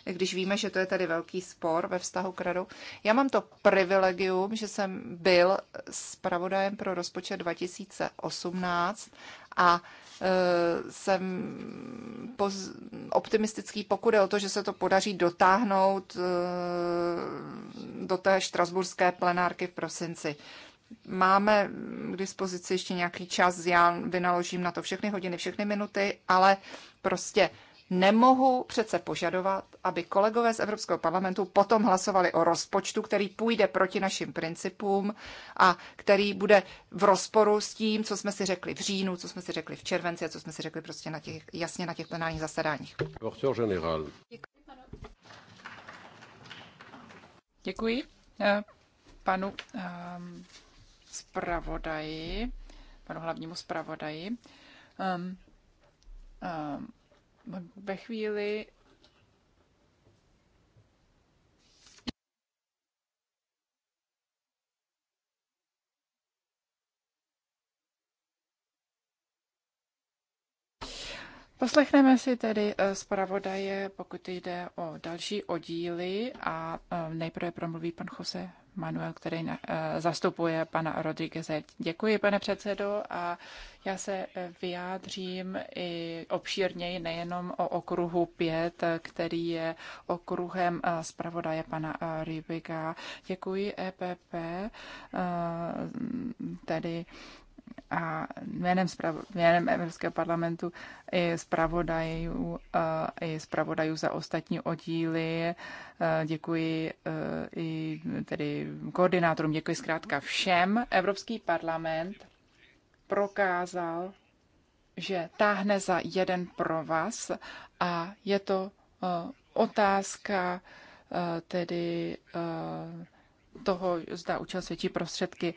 když víme, že to je tady velký spor ve vztahu k radu. Já mám to privilegium, že jsem byl zpravodajem pro rozpočet 2018 a e, jsem poz, optimistický, pokud je o to, že se to podaří dotáhnout e, do té štrasburské plenárky v prosinci máme k dispozici ještě nějaký čas, já vynaložím na to všechny hodiny, všechny minuty, ale prostě nemohu přece požadovat, aby kolegové z Evropského parlamentu potom hlasovali o rozpočtu, který půjde proti našim principům a který bude v rozporu s tím, co jsme si řekli v říjnu, co jsme si řekli v červenci a co jsme si řekli prostě na těch, jasně na těch plenárních zasedáních. Děkuji, eh, panu. um zpravodaji, panu hlavnímu zpravodaji. Um, um, ve chvíli, Poslechneme si tedy eh, zpravodaje, pokud jde o další oddíly a eh, nejprve promluví pan Jose Manuel, který eh, zastupuje pana Rodrigueze. Děkuji, pane předsedo, a já se vyjádřím i obšírněji nejenom o okruhu 5, který je okruhem zpravodaje pana Rybiga. Děkuji EPP, tedy a jménem, zpravo, jménem Evropského parlamentu i zpravodajů, i zpravodajů za ostatní oddíly. Děkuji i tedy koordinátorům, děkuji zkrátka všem. Evropský parlament prokázal, že táhne za jeden pro vás a je to otázka tedy toho, zda účel světí prostředky.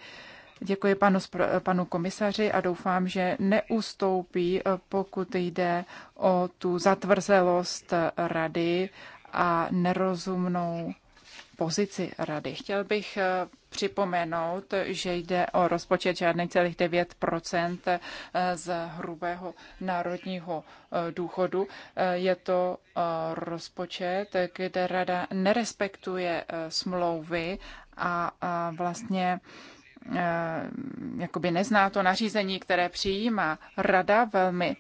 Děkuji panu, panu komisaři a doufám, že neustoupí, eh, pokud jde o tu zatvrzelost eh, rady a nerozumnou pozici rady. Chtěl bych eh, připomenout, že jde o rozpočet žádný celých 9 z hrubého národního důchodu. Je to rozpočet, kde rada nerespektuje smlouvy a vlastně Eh, jakoby nezná to nařízení, které přijímá. Rada velmi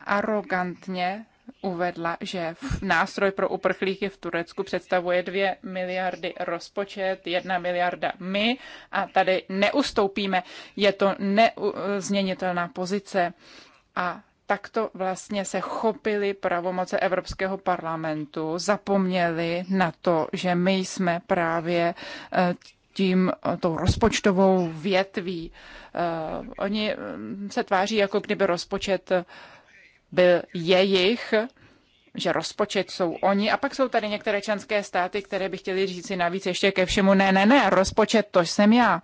arrogantně uvedla, že nástroj pro uprchlíky v Turecku představuje 2 miliardy rozpočet, 1 miliarda my a tady neustoupíme. Je to nezměnitelná pozice a takto vlastně se chopili pravomoce Evropského parlamentu, zapomněli na to, že my jsme právě eh, tím, tou rozpočtovou větví. Eh, oni se tváří, jako kdyby rozpočet byl jejich, že rozpočet jsou oni. A pak jsou tady některé členské státy, které by chtěli říct si navíc ještě ke všemu, ne, ne, ne, rozpočet to jsem já.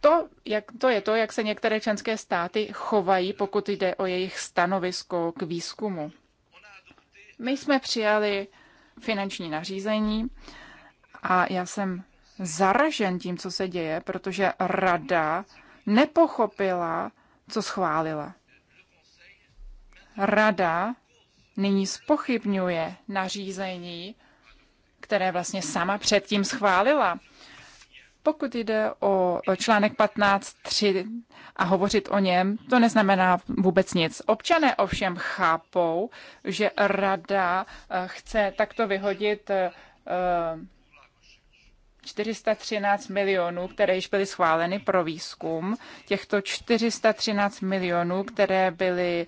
To, jak, to je to, jak se některé členské státy chovají, pokud jde o jejich stanovisko k výzkumu. My jsme přijali finanční nařízení a já jsem zaražen tím, co se děje, protože rada nepochopila, co schválila. Rada nyní spochybňuje nařízení, které vlastně sama předtím schválila. Pokud jde o článek 15.3 a hovořit o něm, to neznamená vůbec nic. Občané ovšem chápou, že rada eh, chce takto vyhodit eh, 413 milionů, které již byly schváleny pro výzkum. Těchto 413 milionů, které byly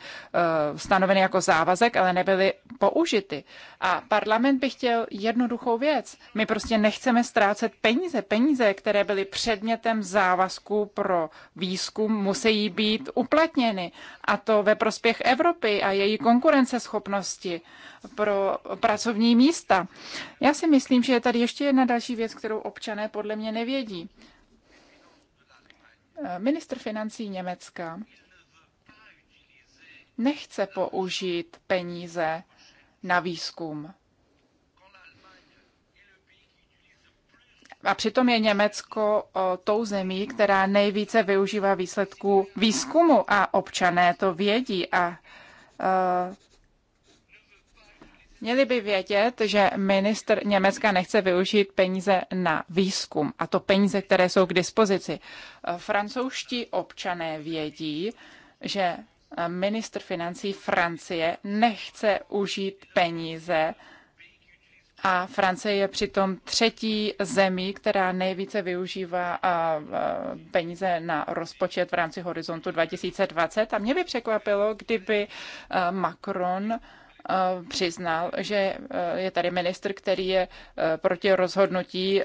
uh, stanoveny jako závazek, ale nebyly použity. A parlament by chtěl jednoduchou věc. My prostě nechceme ztrácet peníze. Peníze, které byly předmětem závazku pro výzkum, musí být uplatněny. A to ve prospěch Evropy a její konkurenceschopnosti pro pracovní místa. Já si myslím, že je tady ještě jedna další věc, kterou občané podle mě nevědí. Ministr financí Německa nechce použít peníze na výzkum. A přitom je Německo tou zemí, která nejvíce využívá výsledků výzkumu a občané to vědí a e, Měli by vědět, že minister Německa nechce využít peníze na výzkum, a to peníze, které jsou k dispozici. Francouzští občané vědí, že minister financí Francie nechce užít peníze a Francie je přitom třetí zemí, která nejvíce využívá peníze na rozpočet v rámci horizontu 2020. A mě by překvapilo, kdyby Macron Eh, přiznal, že eh, je tady ministr, který je eh, proti rozhodnutí,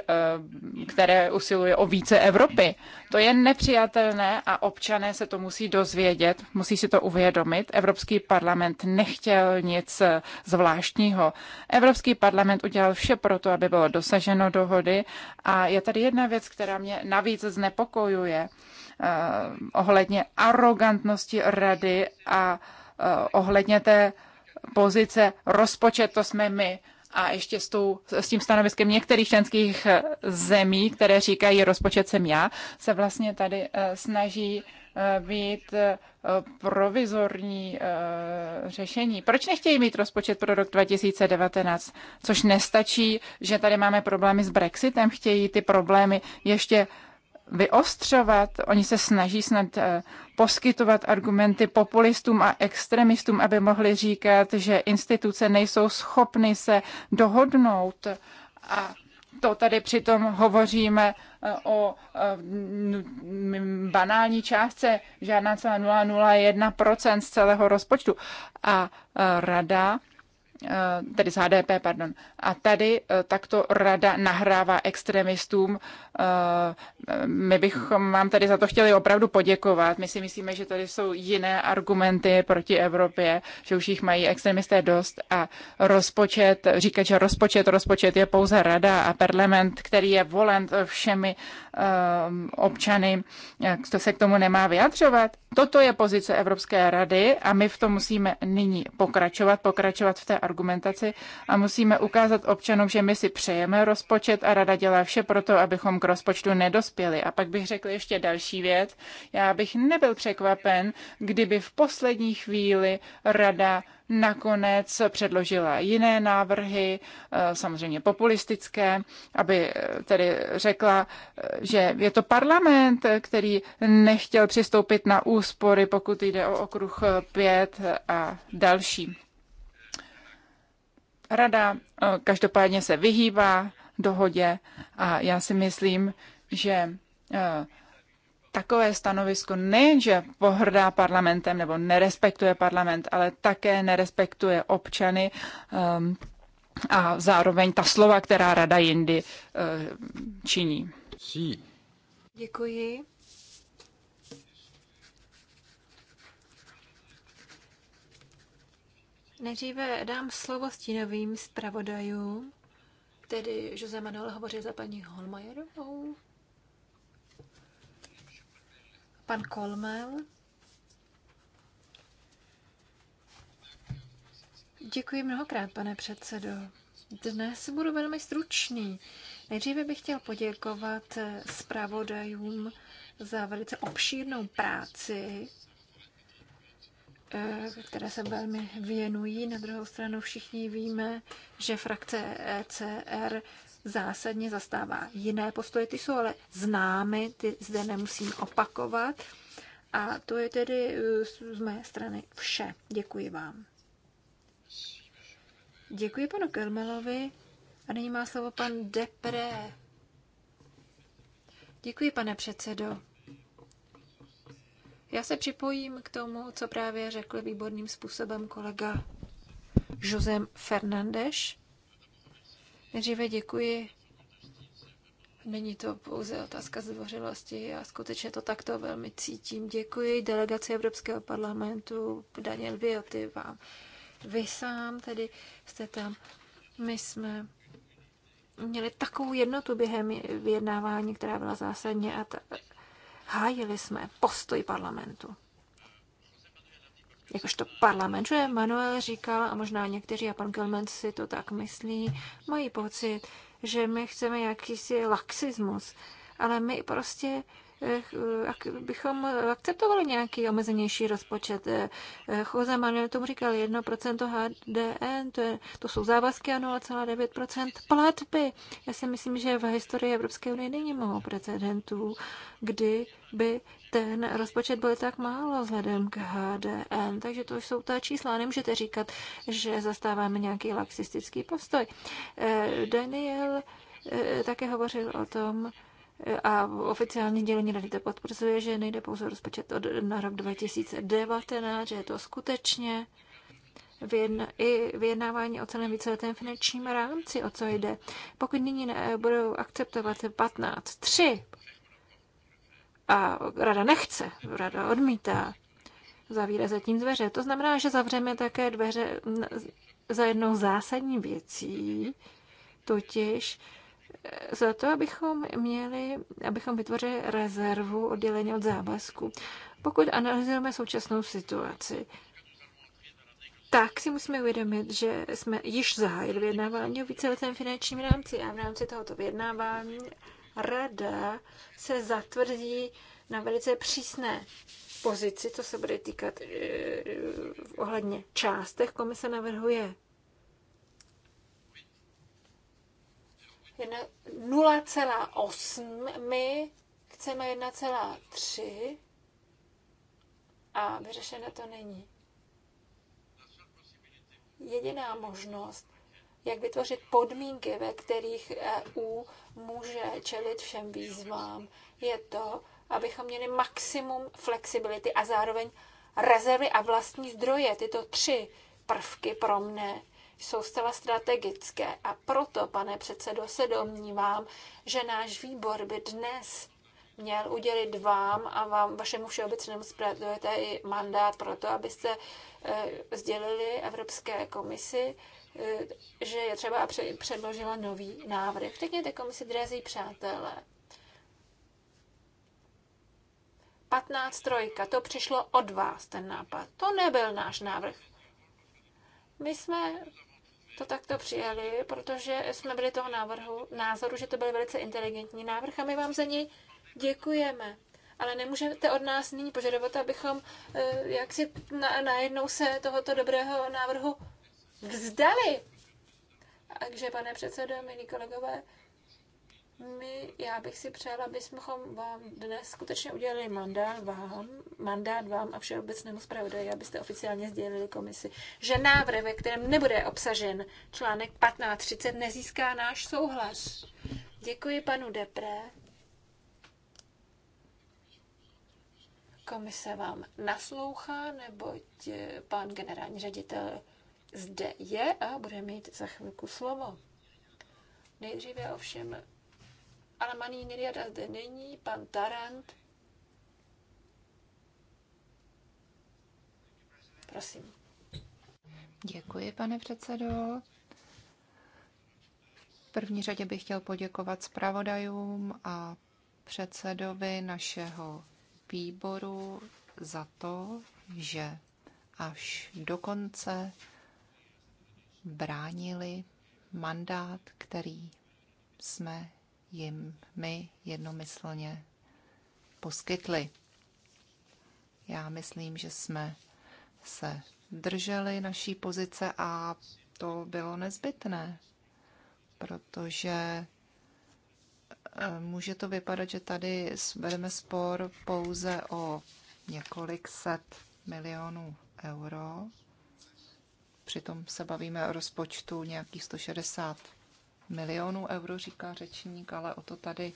které usiluje o více Evropy. To je nepřijatelné a občané se to musí dozvědět, musí si to uvědomit. Evropský parlament nechtěl nic zvláštního. Evropský parlament udělal vše pro to, aby bylo dosaženo dohody a je tady jedna věc, která mě navíc znepokojuje ohledně arrogantnosti rady a ohledně té pozice rozpočet, to jsme my. A ještě s, tou, s tím stanoviskem některých členských zemí, které říkají rozpočet jsem já, se vlastně tady eh, snaží eh, být eh, provizorní řešení. Proč nechtějí mít rozpočet pro rok 2019? Což nestačí, že tady máme problémy s Brexitem, chtějí ty problémy ještě vyostřovat. Oni se snaží snad eh, poskytovat argumenty populistům a extremistům, aby mohli říkat, že instituce nejsou schopny se dohodnout. A to tady přitom hovoříme eh, o eh, banální částce žádná celá 0,01% z celého rozpočtu. A rada Eh, tedy z HDP, pardon. A tady eh, takto rada nahrává extremistům. Eh, my bychom vám tady za to chtěli opravdu poděkovat. My si myslíme, že tady jsou jiné argumenty proti Evropě, že už jich mají extremisté dost a rozpočet, říkat, že rozpočet, rozpočet je pouze rada a parlament, který je volen všemi občany, to se k tomu nemá vyjadřovat. Toto je pozice Evropské rady a my v tom musíme nyní pokračovat, pokračovat v té argumentaci a musíme ukázat občanům, že my si přejeme rozpočet a rada dělá vše pro to, abychom k rozpočtu nedospěli. A pak bych řekl ještě další věc. Já bych nebyl překvapen, kdyby v poslední chvíli rada nakonec předložila jiné návrhy, eh, samozřejmě populistické, aby eh, tedy řekla, eh, že je to parlament, který nechtěl přistoupit na úspory, pokud jde o okruh 5 a další. Rada každopádně se vyhýbá dohodě a já si myslím, že takové stanovisko nejenže pohrdá parlamentem nebo nerespektuje parlament, ale také nerespektuje občany um, a zároveň ta slova, která Rada jindy uh, činí. Sí. Děkuji. Nejdříve dám slovo stínovým zpravodajům, tedy Jose Manuel hovoří za paní Holmajerovou. Pan Kolmel. Děkuji mnohokrát, pane předsedo. Dnes budu velmi stručný. Nejdříve bych chtěl poděkovat zpravodajům za velice obšírnou práci, eh, které se velmi věnují. Na druhou stranu všichni víme, že frakce ECR zásadně zastává jiné postoje, ty jsou ale známy, ty zde nemusím opakovat. A to je tedy eh, z mé strany vše. Děkuji vám. Děkuji panu Kelmelovi A nyní má slovo pan Depré. Děkuji, pane předsedo. Já se připojím k tomu, co právě řekl výborným způsobem kolega Josem Fernandeš. Nejdříve děkuji. Není to pouze otázka zdvořilosti, já skutečně to takto velmi cítím. Děkuji delegaci Evropského parlamentu, Daniel Vioty vám. Vy sám tedy jste tam. My jsme měli takovou jednotu během vyjednávání, která byla zásadně a hájili jsme postoj parlamentu jakožto parlament, že Manuel říkal, a možná někteří, a pan Gilman si to tak myslí, mají pocit, že my chceme jakýsi laxismus, ale my prostě Eh, bychom akceptovali nějaký omezenější rozpočet. Eh, Jose Manuel tomu říkal 1% HDN, to, je, to jsou závazky a 0,9% platby. Já si myslím, že v historii Evropské unie není mnoho precedentů, kdy by ten rozpočet byl tak málo vzhledem k HDN. Takže to už jsou ta čísla. Nemůžete říkat, že zastáváme nějaký laxistický postoj. Eh, Daniel také hovořil o tom, a oficiální dělení rady to potvrzuje, že nejde pouze o rozpočet od, na rok 2019, že je to skutečně i vyjednávání o celém víceletém finančním rámci, o co jde. Pokud nyní ne, budou akceptovat 15.3 a rada nechce, rada odmítá, zavírat zatím dveře. To znamená, že zavřeme také dveře za jednou zásadní věcí, totiž za to, abychom měli, abychom vytvořili rezervu odděleně od závazku. Pokud analyzujeme současnou situaci, tak si musíme uvědomit, že jsme již zahájili vyjednávání o víceletém finančním rámci a v rámci tohoto vyjednávání rada se zatvrdí na velice přísné pozici, co se bude týkat eh, ohledně částech. Komise navrhuje 0,8, my chceme 1,3 a vyřešené to není. Jediná možnost, jak vytvořit podmínky, ve kterých EU může čelit všem výzvám, je to, abychom měli maximum flexibility a zároveň rezervy a vlastní zdroje. Tyto tři prvky pro mne jsou zcela strategické. A proto, pane předsedo, se domnívám, že náš výbor by dnes měl udělit vám a vám, vašemu všeobecnému zpravodajte i mandát pro to, abyste e, sdělili Evropské komisi, e, že je třeba předložila nový návrh. Řekněte komisi, drazí přátelé. 15 trojka, to přišlo od vás, ten nápad. To nebyl náš návrh. My jsme to takto přijali, protože jsme byli toho návrhu, názoru, že to byl velice inteligentní návrh a my vám za něj děkujeme. Ale nemůžete od nás nyní požadovat, abychom eh, jak si na, najednou se tohoto dobrého návrhu vzdali. Takže, pane předsedo, milí kolegové, my, já bych si přála, abychom vám dnes skutečně udělali mandát vám, mandát vám a všeobecnému zpravodaji, abyste oficiálně sdělili komisi, že návrh, ve kterém nebude obsažen článek 1530, nezíská náš souhlas. Děkuji panu Depré. Komise vám naslouchá, neboť eh, pan generální ředitel zde je a bude mít za chvilku slovo. Nejdříve ovšem ale Maný Niriada zde není, pan Tarant. Prosím. Děkuji, pane předsedo. V první řadě bych chtěl poděkovat zpravodajům a předsedovi našeho výboru za to, že až do konce bránili mandát, který jsme jim my jednomyslně poskytli. Já myslím, že jsme se drželi naší pozice a to bylo nezbytné, protože eh, může to vypadat, že tady vedeme spor pouze o několik set milionů euro. Přitom se bavíme o rozpočtu nějakých 160 milionů euro, říká řečník, ale o to tady,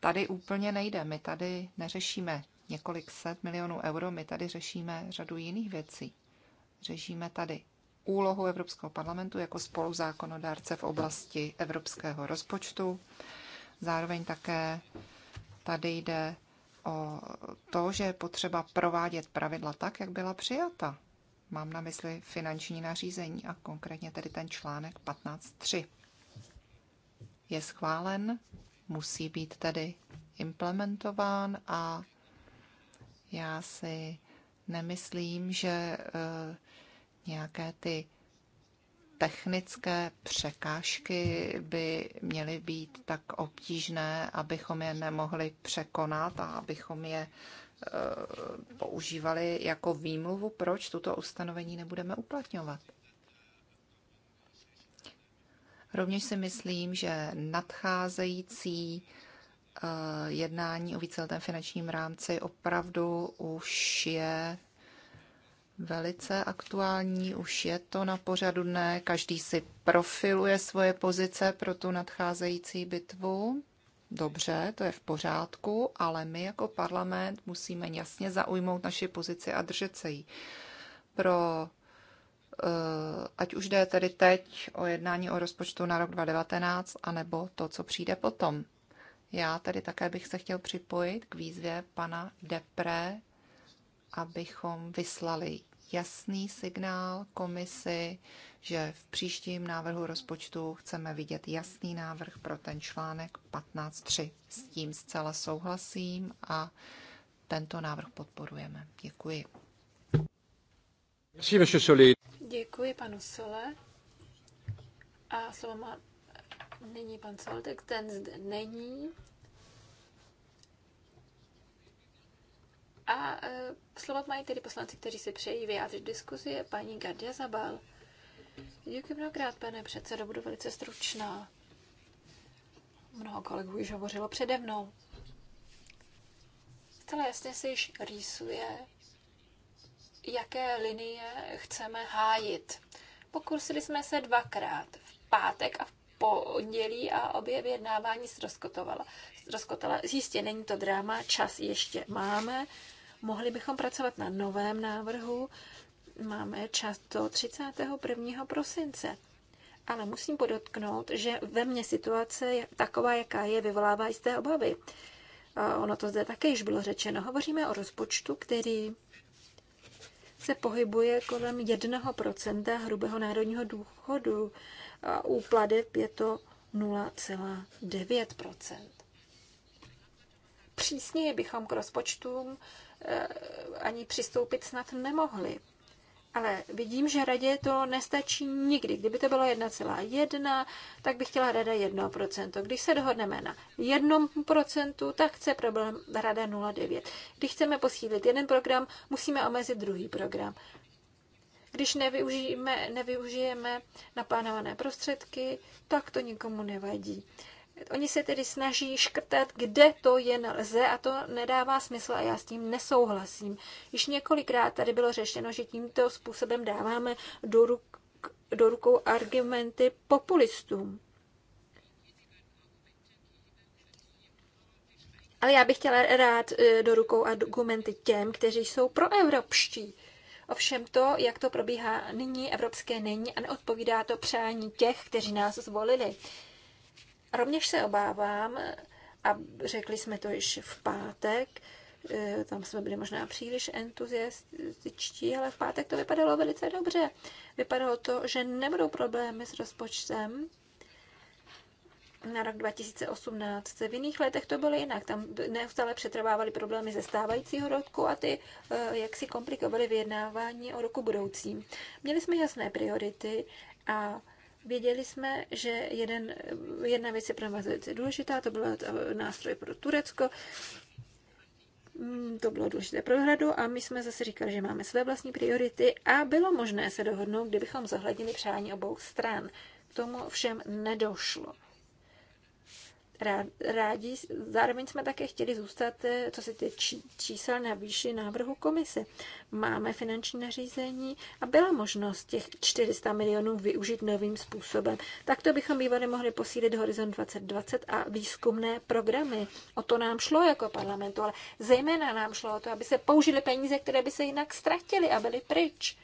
tady úplně nejde. My tady neřešíme několik set milionů euro, my tady řešíme řadu jiných věcí. Řešíme tady úlohu Evropského parlamentu jako spoluzákonodárce v oblasti evropského rozpočtu. Zároveň také tady jde o to, že je potřeba provádět pravidla tak, jak byla přijata. Mám na mysli finanční nařízení a konkrétně tedy ten článek 15.3 je schválen, musí být tedy implementován a já si nemyslím, že e, nějaké ty technické překážky by měly být tak obtížné, abychom je nemohli překonat a abychom je e, používali jako výmluvu, proč tuto ustanovení nebudeme uplatňovat. Rovněž si myslím, že nadcházející eh, jednání o víceletém finančním rámci opravdu už je velice aktuální, už je to na pořadu dne, každý si profiluje svoje pozice pro tu nadcházející bitvu. Dobře, to je v pořádku, ale my jako parlament musíme jasně zaujmout naši pozici a držet se jí. Pro Eh, ať už jde tedy teď o jednání o rozpočtu na rok 2019, anebo to, co přijde potom. Já tedy také bych se chtěl připojit k výzvě pana Depre, abychom vyslali jasný signál komisi, že v příštím návrhu rozpočtu chceme vidět jasný návrh pro ten článek 15.3. S tím zcela souhlasím a tento návrh podporujeme. Děkuji. Merci, Děkuji panu Sole. A slovo má nyní pan tak ten zde není. A e, slovo mají tedy poslanci, kteří si přejí vyjádřit diskuzi, je paní Gadia Zabal. Děkuji mnohokrát, pane předsedo, budu velice stručná. Mnoho kolegů již hovořilo přede mnou. Celé jasně se již rýsuje jaké linie chceme hájit. Pokusili jsme se dvakrát, v pátek a v pondělí a obě vyjednávání ztroskotovala. ztroskotala. Jistě není to dráma, čas ještě máme. Mohli bychom pracovat na novém návrhu. Máme čas do 31. prosince. Ale musím podotknout, že ve mně situace je taková, jaká je, vyvolává jisté obavy. ono to zde také již bylo řečeno. Hovoříme o rozpočtu, který se pohybuje kolem 1% hrubého národního důchodu a u pladeb je to 0,9%. Přísněji bychom k rozpočtům eh, ani přistoupit snad nemohli. Ale vidím, že radě to nestačí nikdy. Kdyby to bylo 1,1, tak bych chtěla rada 1%. Když se dohodneme na 1%, tak chce problém rada 0,9. Když chceme posílit jeden program, musíme omezit druhý program. Když nevyužijeme, nevyužijeme naplánované prostředky, tak to nikomu nevadí. Oni se tedy snaží škrtat, kde to jen lze a to nedává smysl a já s tím nesouhlasím. Již několikrát tady bylo řešeno, že tímto způsobem dáváme do, ruk, do rukou argumenty populistům. Ale já bych chtěla rád e, do rukou argumenty těm, kteří jsou proevropští. Ovšem to, jak to probíhá nyní, evropské není a neodpovídá to přání těch, kteří nás zvolili. A rovněž se obávám, a řekli jsme to již v pátek, eh, tam jsme byli možná příliš entuziastičtí, ale v pátek to vypadalo velice dobře. Vypadalo to, že nebudou problémy s rozpočtem na rok 2018. V jiných letech to bylo jinak. Tam neustále přetrvávaly problémy ze stávajícího roku a ty eh, jak si komplikovaly vyjednávání o roku budoucím. Měli jsme jasné priority a Věděli jsme, že jeden, jedna věc je pro nás velice důležitá, to byl nástroj pro Turecko, mm, to bylo důležité pro hradu a my jsme zase říkali, že máme své vlastní priority a bylo možné se dohodnout, kdybychom zohlednili přání obou stran. K tomu všem nedošlo rádi, zároveň jsme také chtěli zůstat, eh, co se týče čísel na výši návrhu komise. Máme finanční nařízení a byla možnost těch 400 milionů využít novým způsobem. Takto bychom bývali mohli posílit Horizon 2020 a výzkumné programy. O to nám šlo jako parlamentu, ale zejména nám šlo o to, aby se použili peníze, které by se jinak ztratily a byly pryč.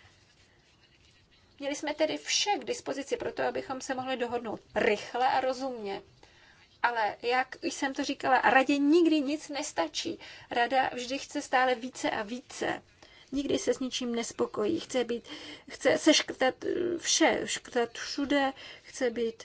Měli jsme tedy vše k dispozici pro to, abychom se mohli dohodnout rychle a rozumně. Ale jak už jsem to říkala, radě nikdy nic nestačí. Rada vždy chce stále více a více. Nikdy se s ničím nespokojí. Chce být, chce seškrtat eh, vše, škrtat všude, chce být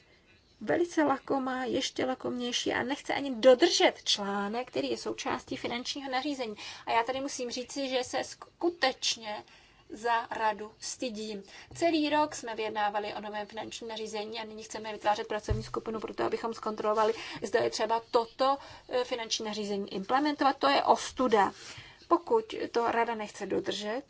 velice lakomá, ještě lakomější a nechce ani dodržet článek, který je součástí finančního nařízení. A já tady musím říci, že se skutečně za radu stydím. Celý rok jsme vyjednávali o novém finančním nařízení a nyní chceme vytvářet pracovní skupinu pro to, abychom zkontrolovali, zda je třeba toto e, finanční nařízení implementovat. To je ostuda. Pokud to rada nechce dodržet,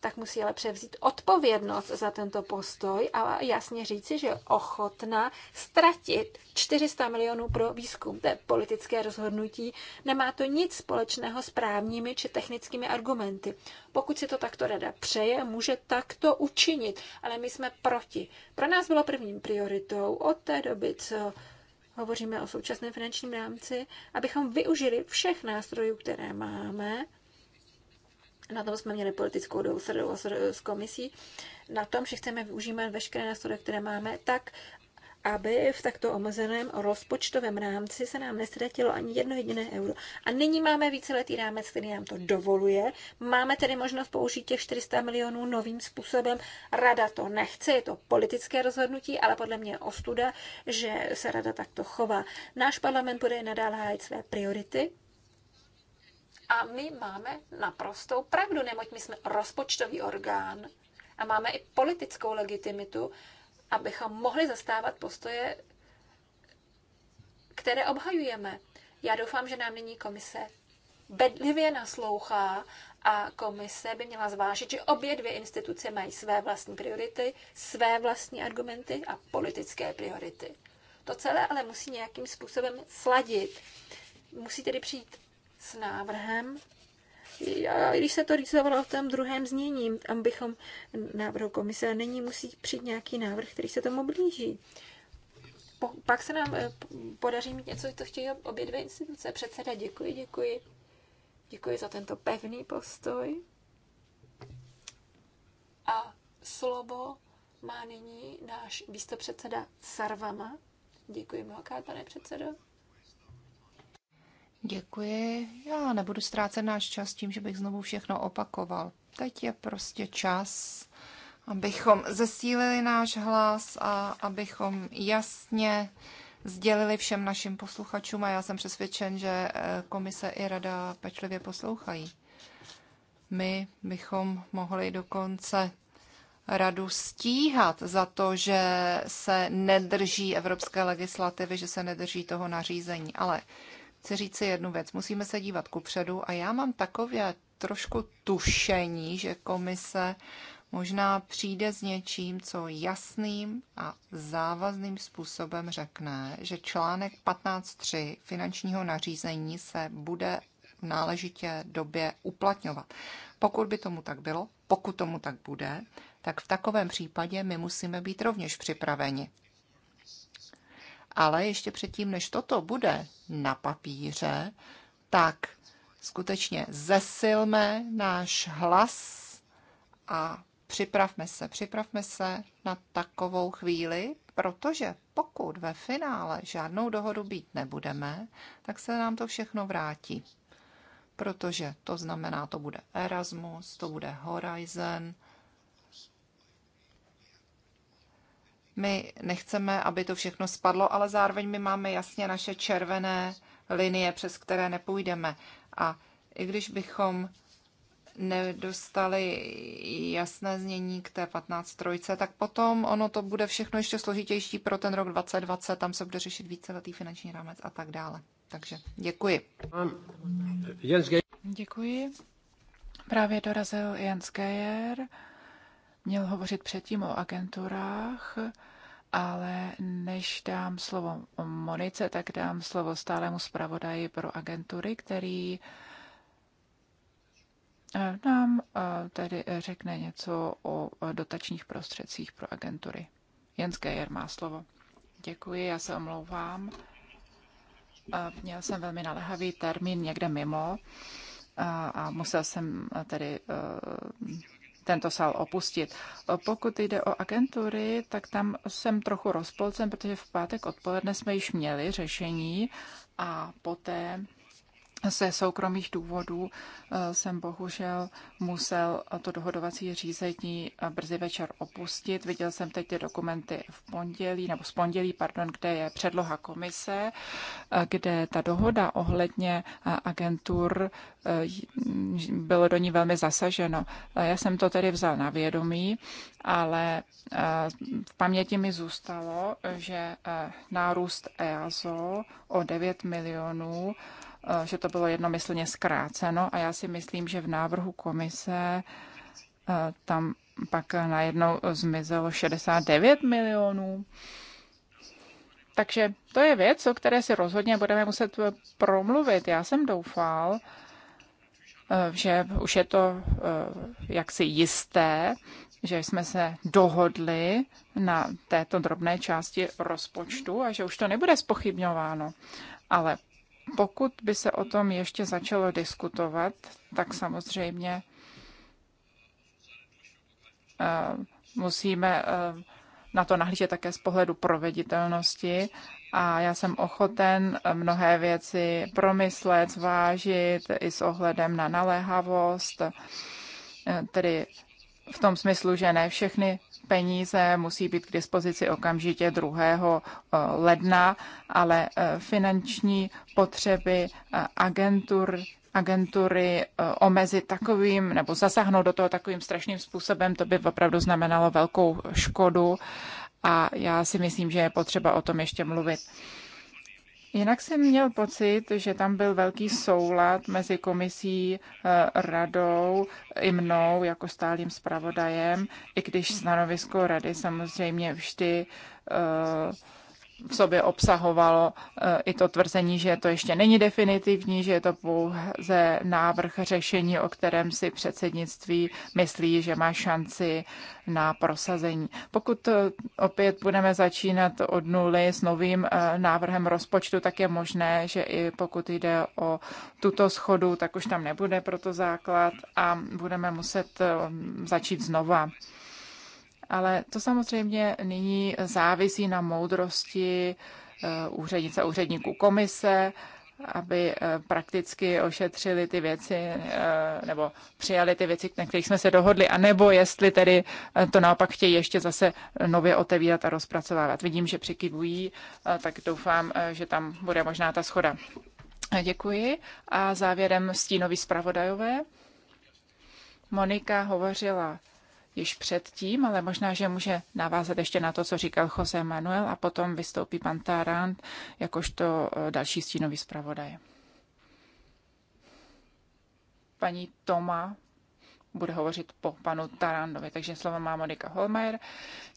tak musí ale převzít odpovědnost za tento postoj a jasně říci, že je ochotná ztratit 400 milionů pro výzkum. To je politické rozhodnutí, nemá to nic společného s právními či technickými argumenty. Pokud si to takto rada přeje, může takto učinit, ale my jsme proti. Pro nás bylo prvním prioritou od té doby, co hovoříme o současném finančním rámci, abychom využili všech nástrojů, které máme, na tom jsme měli politickou dohodu s komisí, na tom, že chceme využívat veškeré nástroje, které máme, tak, aby v takto omezeném rozpočtovém rámci se nám nestratilo ani jedno jediné euro. A nyní máme víceletý rámec, který nám to dovoluje. Máme tedy možnost použít těch 400 milionů novým způsobem. Rada to nechce, je to politické rozhodnutí, ale podle mě je ostuda, že se rada takto chová. Náš parlament bude nadále hájit své priority, a my máme naprostou pravdu, neboť my jsme rozpočtový orgán a máme i politickou legitimitu, abychom mohli zastávat postoje, které obhajujeme. Já doufám, že nám nyní komise bedlivě naslouchá a komise by měla zvážit, že obě dvě instituce mají své vlastní priority, své vlastní argumenty a politické priority. To celé ale musí nějakým způsobem sladit. Musí tedy přijít s návrhem, Já když se to rýsovalo v tom druhém znění, abychom návrhu komise, a musí přijít nějaký návrh, který se tomu blíží. Po, pak se nám eh, podaří mít něco, co chtějí obě dvě instituce. Předseda, děkuji, děkuji. Děkuji za tento pevný postoj. A slovo má nyní náš místopředseda Sarvama. Děkuji mnohokrát, pane předsedo. Děkuji. Já nebudu ztrácet náš čas tím, že bych znovu všechno opakoval. Teď je prostě čas, abychom zesílili náš hlas a abychom jasně sdělili všem našim posluchačům a já jsem přesvědčen, že eh, komise i rada pečlivě poslouchají. My bychom mohli dokonce radu stíhat za to, že se nedrží evropské legislativy, že se nedrží toho nařízení. Ale chci říct si jednu věc. Musíme se dívat kupředu a já mám takové trošku tušení, že komise možná přijde s něčím, co jasným a závazným způsobem řekne, že článek 15.3 finančního nařízení se bude v náležitě době uplatňovat. Pokud by tomu tak bylo, pokud tomu tak bude, tak v takovém případě my musíme být rovněž připraveni ale ještě předtím, než toto bude na papíře, tak skutečně zesilme náš hlas a připravme se, připravme se na takovou chvíli, protože pokud ve finále žádnou dohodu být nebudeme, tak se nám to všechno vrátí. Protože to znamená, to bude Erasmus, to bude Horizon, My nechceme, aby to všechno spadlo, ale zároveň my máme jasně naše červené linie, přes které nepůjdeme. A i když bychom nedostali jasné znění k té 15 trojce, tak potom ono to bude všechno ještě složitější pro ten rok 2020, tam se bude řešit víceletý finanční rámec a tak dále. Takže děkuji. Um, děkuji. Právě dorazil Jens Geier měl hovořit předtím o agenturách, ale než dám slovo Monice, tak dám slovo stálemu zpravodaji pro agentury, který eh, nám eh, tedy řekne něco o dotačních prostředcích pro agentury. Jens Geyer má slovo. Děkuji, já se omlouvám. Eh, měl jsem velmi naléhavý termín někde mimo a musel jsem tedy tento sál opustit. Pokud jde o agentury, tak tam jsem trochu rozpolcen, protože v pátek odpoledne jsme již měli řešení a poté ze soukromých důvodů eh, jsem bohužel musel to dohodovací řízení eh, brzy večer opustit. Viděl jsem teď ty dokumenty v pondělí, nebo z pondělí, pardon, kde je předloha komise, eh, kde ta dohoda ohledně agentur bylo do ní velmi zasaženo. Já jsem to tedy vzal na vědomí, ale v paměti mi zůstalo, že nárůst EASO o 9 milionů Eh, že to bylo jednomyslně zkráceno a já si myslím, že v návrhu komise eh, tam pak najednou zmizelo 69 milionů. Takže to je věc, o které si rozhodně budeme muset promluvit. Já jsem doufal, eh, že už je to jaksi jisté, že jsme se dohodli na této drobné části rozpočtu a že už to nebude spochybňováno. Ale pokud by se o tom ještě začalo diskutovat, tak samozřejmě eh, musíme eh, na to nahlížet také z pohledu proveditelnosti a já jsem ochoten mnohé věci promyslet, zvážit i s ohledem na naléhavost, eh, tedy v tom smyslu, že ne všechny peníze musí být k dispozici okamžitě 2. Eh, ledna, ale eh, finanční potřeby eh, agentur agentury omezit takovým nebo zasáhnout do toho takovým strašným způsobem, to by opravdu znamenalo velkou škodu a já si myslím, že je potřeba o tom ještě mluvit. Jinak jsem měl pocit, že tam byl velký soulad mezi komisí, eh, radou i mnou jako stálým zpravodajem, i když stanovisko rady samozřejmě vždy uh, v sobě obsahovalo eh, i to tvrzení, že to ještě není definitivní, že je to pouze návrh řešení, o kterém si předsednictví myslí, že má šanci na prosazení. Pokud eh, opět budeme začínat od nuly s novým eh, návrhem rozpočtu, tak je možné, že i pokud jde o tuto schodu, tak už tam nebude proto základ a budeme muset začít znova ale to samozřejmě nyní závisí na moudrosti eh, úřednice, úředníků komise, aby eh, prakticky ošetřili ty věci eh, nebo přijali ty věci, na kterých jsme se dohodli, anebo jestli tedy to naopak chtějí ještě zase nově otevírat a rozpracovávat. Vidím, že přikivují, tak doufám, že tam bude možná ta schoda. Děkuji. A závěrem stínový zpravodajové. Monika hovořila již předtím, ale možná, že může navázat ještě na to, co říkal Jose Manuel a potom vystoupí pan Tarant jakožto eh, další stínový zpravodaj. Paní Toma bude hovořit po panu Tarandovi. Takže slovo má Monika Holmeier.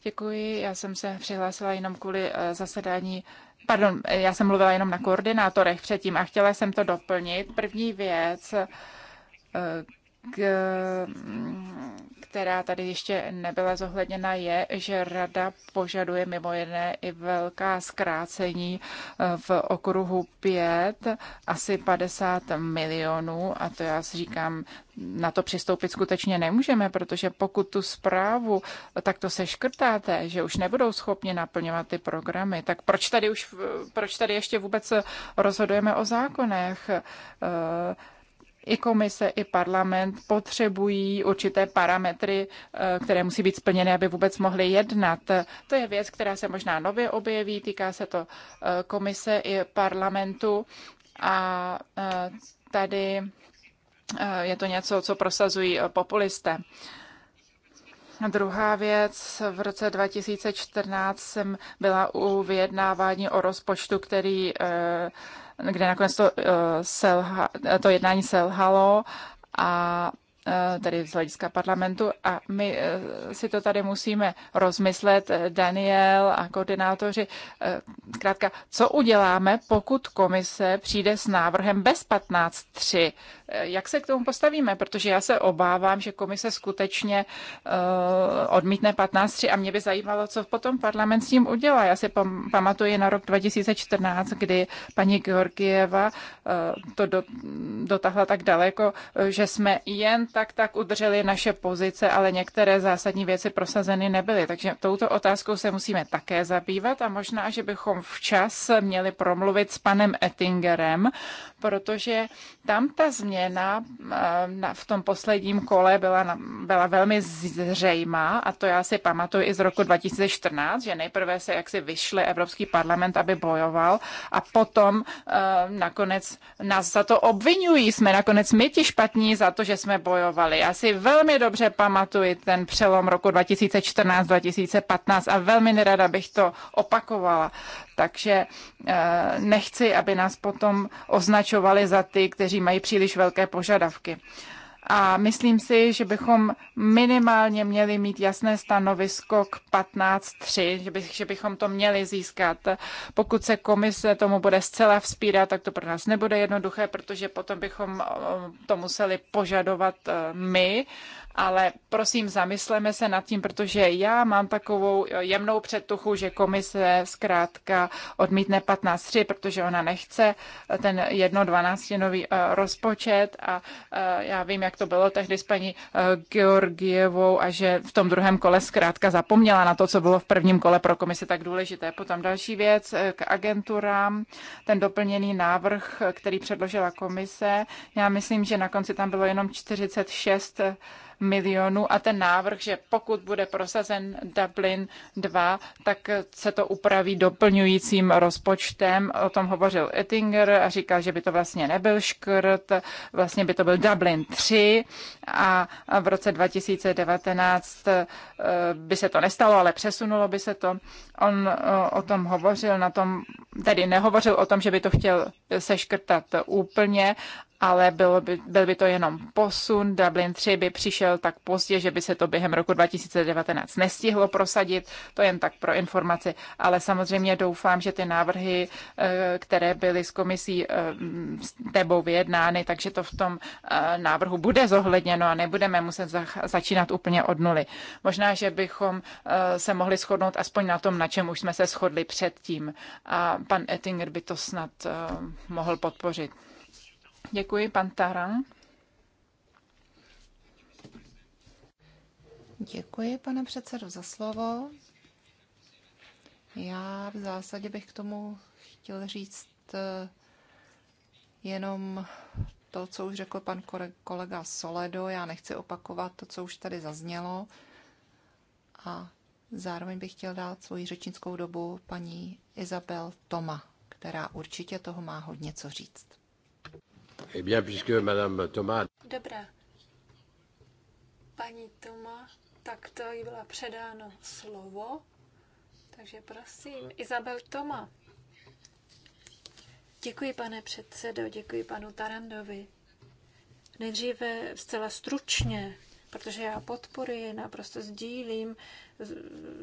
Děkuji, já jsem se přihlásila jenom kvůli eh, zasedání Pardon, eh, já jsem mluvila jenom na koordinátorech předtím a chtěla jsem to doplnit. První věc, která tady ještě nebyla zohledněna, je, že rada požaduje mimo jiné i velká zkrácení eh, v okruhu 5, asi 50 milionů. A to já si říkám, na to přistoupit skutečně nemůžeme, protože pokud tu zprávu takto se škrtáte, že už nebudou schopni naplňovat ty programy, tak proč tady, už, proč tady ještě vůbec rozhodujeme o zákonech? Eh, i komise, i parlament potřebují určité parametry, eh, které musí být splněny, aby vůbec mohli jednat. To je věc, která se možná nově objeví, týká se to eh, komise i parlamentu a eh, tady je to něco, co prosazují populisté. A druhá věc, v roce 2014 jsem byla u vyjednávání o rozpočtu, který kde nakonec to, eh, selha, to jednání selhalo a Eh, tedy z hlediska parlamentu a my eh, si to tady musíme rozmyslet, eh, Daniel a koordinátoři, zkrátka, co uděláme, pokud komise přijde s návrhem bez 15.3, jak se k tomu postavíme, protože já se obávám, že komise skutečně odmítne 15.3 a mě by zajímalo, co potom parlament s tím udělá. Já si pamatuji na rok 2014, kdy paní Georgieva to dotáhla tak daleko, že jsme jen tak tak udrželi naše pozice, ale některé zásadní věci prosazeny nebyly. Takže touto otázkou se musíme také zabývat a možná, že bychom včas měli promluvit s panem Ettingerem, protože tam ta změna eh, v tom posledním kole byla, byla velmi zřejmá a to já si pamatuju i z roku 2014, že nejprve se jaksi vyšli Evropský parlament, aby bojoval a potom eh, nakonec nás za to obvinují. Jsme nakonec my ti špatní za to, že jsme bojovali. Já si velmi dobře pamatuji ten přelom roku 2014-2015 a velmi nerada bych to opakovala takže eh, nechci, aby nás potom označovali za ty, kteří mají příliš velké požadavky. A myslím si, že bychom minimálně měli mít jasné stanovisko k 15.3, že, by, že bychom to měli získat. Pokud se komise tomu bude zcela vzpírat, tak to pro nás nebude jednoduché, protože potom bychom eh, to museli požadovat eh, my ale prosím, zamysleme se nad tím, protože já mám takovou eh, jemnou předtuchu, že komise zkrátka odmítne 15.3, protože ona nechce eh, ten jedno 12 nový eh, rozpočet a já vím, jak to bylo tehdy s paní Georgievou a že v tom druhém kole zkrátka zapomněla na to, co bylo v prvním kole pro komisi tak důležité. Potom další věc k agenturám, ten doplněný návrh, který předložila komise. Já myslím, že na konci tam bylo jenom 46 milionů a ten návrh, že pokud bude prosazen Dublin 2, tak se to upraví doplňujícím rozpočtem. O tom hovořil Ettinger a říkal, že by to vlastně nebyl škrt, vlastně by to byl Dublin 3 a v roce 2019 eh, by se to nestalo, ale přesunulo by se to. On eh, o tom hovořil na tom, tedy nehovořil o tom, že by to chtěl seškrtat úplně, ale bylo by, byl by to jenom posun. Dublin 3 by přišel tak pozdě, že by se to během roku 2019 nestihlo prosadit. To jen tak pro informaci. Ale samozřejmě doufám, že ty návrhy, eh, které byly s komisí eh, s tebou vyjednány, takže to v tom eh, návrhu bude zohledněno a nebudeme muset začínat úplně od nuly. Možná, že bychom se mohli shodnout aspoň na tom, na čem už jsme se shodli předtím. A pan Ettinger by to snad mohl podpořit. Děkuji, pan Taran. Děkuji, pane předsedo, za slovo. Já v zásadě bych k tomu chtěl říct eh, jenom to, co už řekl pan kolega Soledo. Já nechci opakovat to, co už tady zaznělo. A zároveň bych chtěl dát svoji řečnickou dobu paní Izabel Toma, která určitě toho má hodně co říct. Eh Dobrá. Paní Toma, tak to jí bylo předáno slovo. Takže prosím, Izabel Toma. Děkuji, pane předsedo, děkuji panu Tarandovi. Nejdříve zcela stručně, protože já podporuji, naprosto sdílím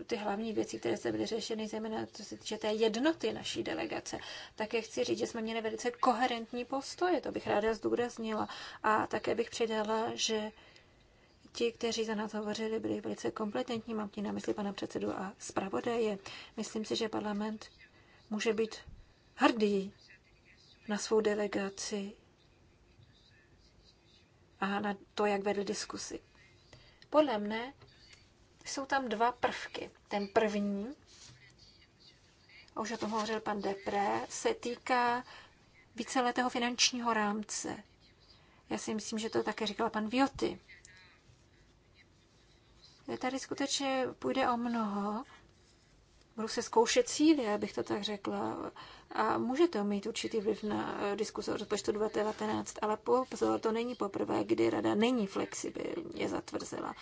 ty hlavní věci, které se byly řešeny, zejména co se týče té jednoty naší delegace. Také chci říct, že jsme měli velice koherentní postoje, to bych ráda zdůraznila. A také bych přidala, že ti, kteří za nás hovořili, byli velice kompetentní, mám tím na mysli pana předsedu a zpravodaje. Myslím si, že parlament může být hrdý na svou delegaci a na to, jak vedl diskusy. Podle mne jsou tam dva prvky. Ten první, a už o tom hovořil pan Depré, se týká víceletého finančního rámce. Já si myslím, že to také říkal pan Vioty. Tady skutečně půjde o mnoho. Budu se zkoušet cíly, abych to tak řekla. A může to mít určitý vliv na eh, diskuse o rozpočtu 2019, ale pozor, to není poprvé, kdy rada není flexibilně zatvrzela.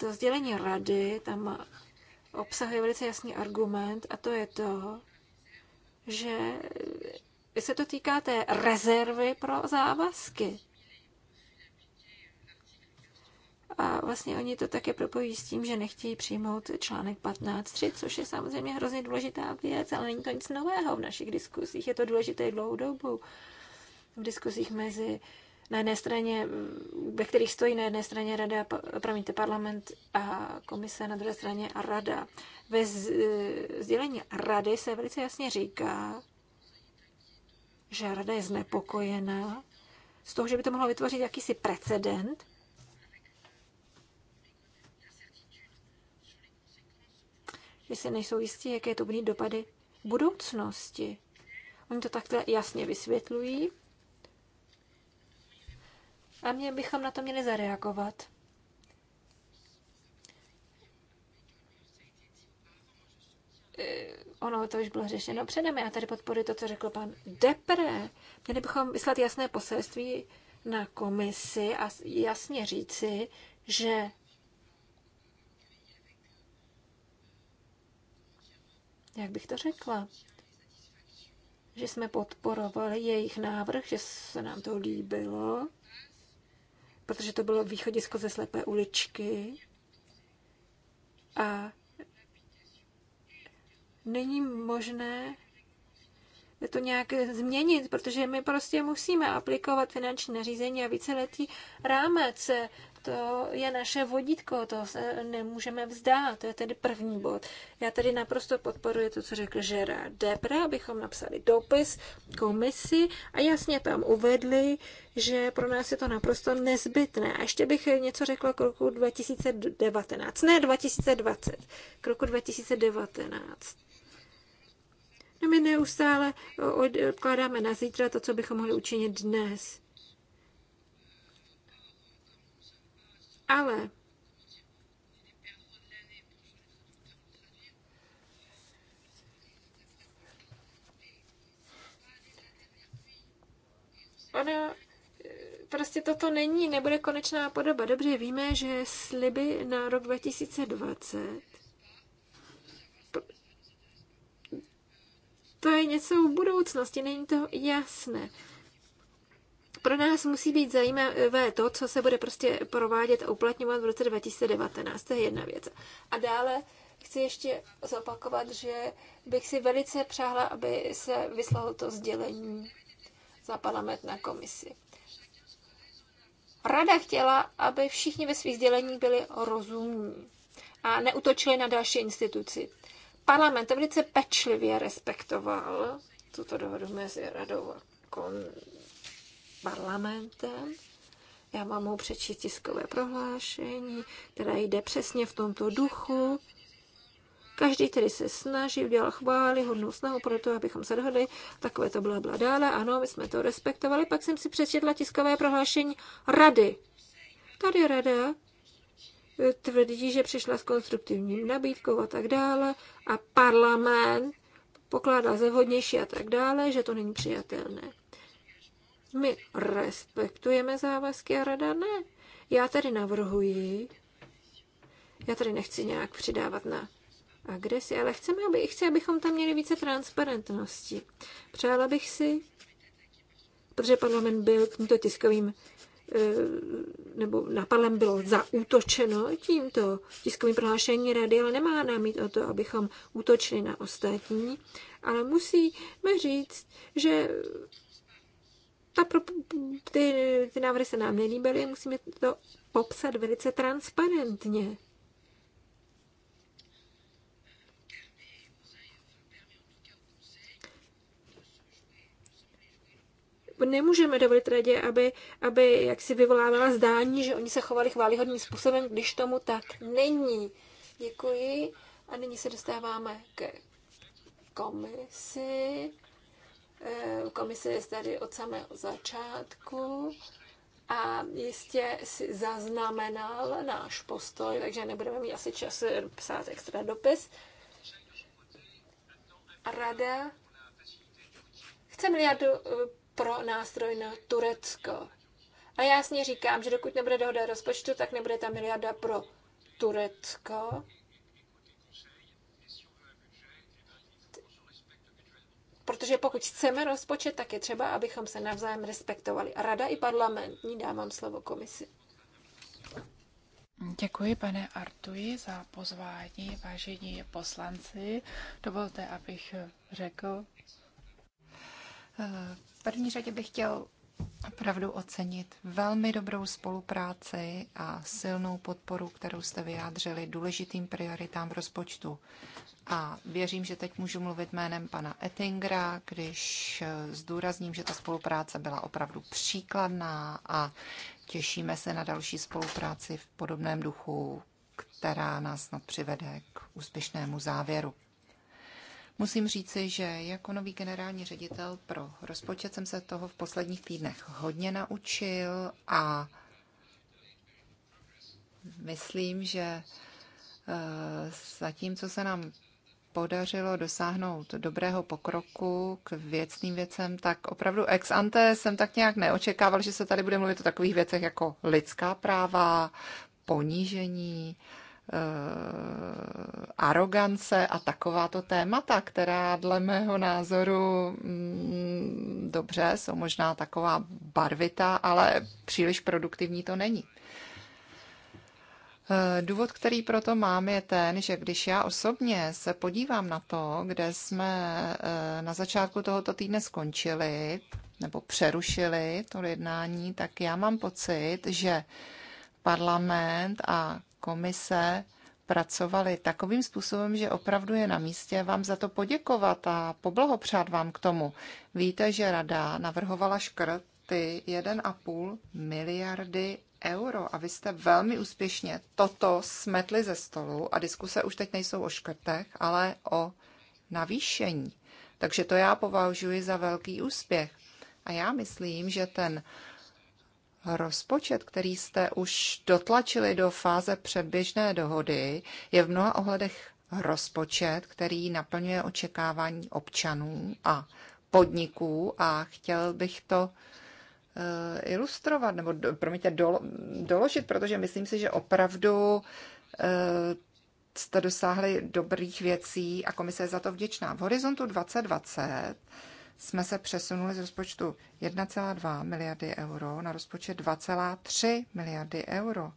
To sdělení rady tam obsahuje velice jasný argument a to je to, že se to týká té rezervy pro závazky. A vlastně oni to také propojí s tím, že nechtějí přijmout článek 15.3, což je samozřejmě hrozně důležitá věc, ale není to nic nového v našich diskusích. Je to důležité dlouhou dobu v diskusích mezi na jedné straně, ve kterých stojí na jedné straně rada, promiňte, parlament a komise, na druhé straně a rada. Ve e, sdělení rady se velice jasně říká, že rada je znepokojená z toho, že by to mohlo vytvořit jakýsi precedent, že si nejsou jistí, jaké to bude dopady v budoucnosti. Oni to takhle jasně vysvětlují a mě bychom na to měli zareagovat. Eh, ono to už bylo řešeno předem. Já tady podporuji to, co řekl pan Depre. Měli bychom vyslat jasné poselství na komisi a jasně říci, že jak bych to řekla, že jsme podporovali jejich návrh, že se nám to líbilo, protože to bylo východisko ze slepé uličky. A není možné to nějak změnit, protože my prostě musíme aplikovat finanční nařízení a víceletý rámec to je naše vodítko, to se nemůžeme vzdát, to je tedy první bod. Já tady naprosto podporuji to, co řekl Gerard Depre, abychom napsali dopis komisi a jasně tam uvedli, že pro nás je to naprosto nezbytné. A ještě bych něco řekla k roku 2019, ne 2020, k roku 2019. No my neustále odkládáme na zítra to, co bychom mohli učinit dnes. Ale ono prostě toto není, nebude konečná podoba. Dobře víme, že sliby na rok 2020 to je něco v budoucnosti, není to jasné pro nás musí být zajímavé to, co se bude prostě provádět a uplatňovat v roce 2019. To je jedna věc. A dále chci ještě zopakovat, že bych si velice přála, aby se vyslalo to sdělení za parlament na komisi. Rada chtěla, aby všichni ve svých sděleních byli rozumní a neutočili na další instituci. Parlament velice pečlivě respektoval tuto dohodu mezi radou a kon- parlamentem. Já vám mohu přečíst tiskové prohlášení, které jde přesně v tomto duchu. Každý který se snaží, udělal chvály, hodnou snahu pro to, abychom se dohodli. Takové to bylo dále. Ano, my jsme to respektovali. Pak jsem si přečetla tiskové prohlášení rady. Tady rada eh, tvrdí, že přišla s konstruktivním nabídkou a tak dále. A parlament pokládá za vhodnější a tak dále, že to není přijatelné. My respektujeme závazky a rada ne. Já tady navrhuji, já tady nechci nějak přidávat na agresi, ale chceme, aby, chci, abychom tam měli více transparentnosti. Přála bych si, protože parlament byl k tímto tiskovým eh, nebo parlament bylo zaútočeno tímto tiskovým prohlášení rady, ale nemá nám jít o to, abychom útočili na ostatní, ale musíme říct, že ta pro, ty, ty návrhy se nám nelíbily, musíme to popsat velice transparentně. nemůžeme dovolit radě, aby, aby jak si vyvolávala zdání, že oni se chovali chválihodným způsobem, když tomu tak není. Děkuji. A nyní se dostáváme ke komisi. Eh, komise je tady od samého začátku a jistě si zaznamenal náš postoj, takže nebudeme mít asi čas eh, psát extra dopis. Rada chce miliardu eh, pro nástroj na Turecko. A já jasně říkám, že dokud nebude dohoda rozpočtu, tak nebude ta miliarda pro Turecko. Protože pokud chceme rozpočet, tak je třeba, abychom se navzájem respektovali. Rada i parlament. Ní dávám slovo komisi. Děkuji, pane Artuji, za pozvání, vážení poslanci. Dovolte, abych řekl. Eh, v první řadě bych chtěl opravdu ocenit velmi dobrou spolupráci a silnou podporu, kterou jste vyjádřili důležitým prioritám v rozpočtu a věřím, že teď můžu mluvit jménem pana Ettingera, když eh, zdůrazním, že ta spolupráce byla opravdu příkladná a těšíme se na další spolupráci v podobném duchu, která nás snad přivede k úspěšnému závěru. Musím říci, že jako nový generální ředitel pro rozpočet jsem se toho v posledních týdnech hodně naučil a myslím, že eh, zatímco se nám podařilo dosáhnout dobrého pokroku k věcným věcem, tak opravdu ex ante jsem tak nějak neočekával, že se tady bude mluvit o takových věcech jako lidská práva, ponížení, uh, arogance a takováto témata, která dle mého názoru mm, dobře, jsou možná taková barvita, ale příliš produktivní to není. Eh, důvod, který proto mám, je ten, že když já osobně se podívám na to, kde jsme eh, na začátku tohoto týdne skončili nebo přerušili to jednání, tak já mám pocit, že parlament a komise pracovali takovým způsobem, že opravdu je na místě vám za to poděkovat a poblahopřát vám k tomu. Víte, že rada navrhovala škrty 1,5 miliardy euro a vy jste velmi úspěšně toto smetli ze stolu a diskuse už teď nejsou o škrtech, ale o navýšení. Takže to já považuji za velký úspěch. A já myslím, že ten rozpočet, který jste už dotlačili do fáze předběžné dohody, je v mnoha ohledech rozpočet, který naplňuje očekávání občanů a podniků a chtěl bych to Eh, ilustrovat nebo, promiňte, dolo, doložit, protože myslím si, že opravdu eh, jste dosáhli dobrých věcí a komise je za to vděčná. V horizontu 2020 jsme se přesunuli z rozpočtu 1,2 miliardy euro na rozpočet 2,3 miliardy euro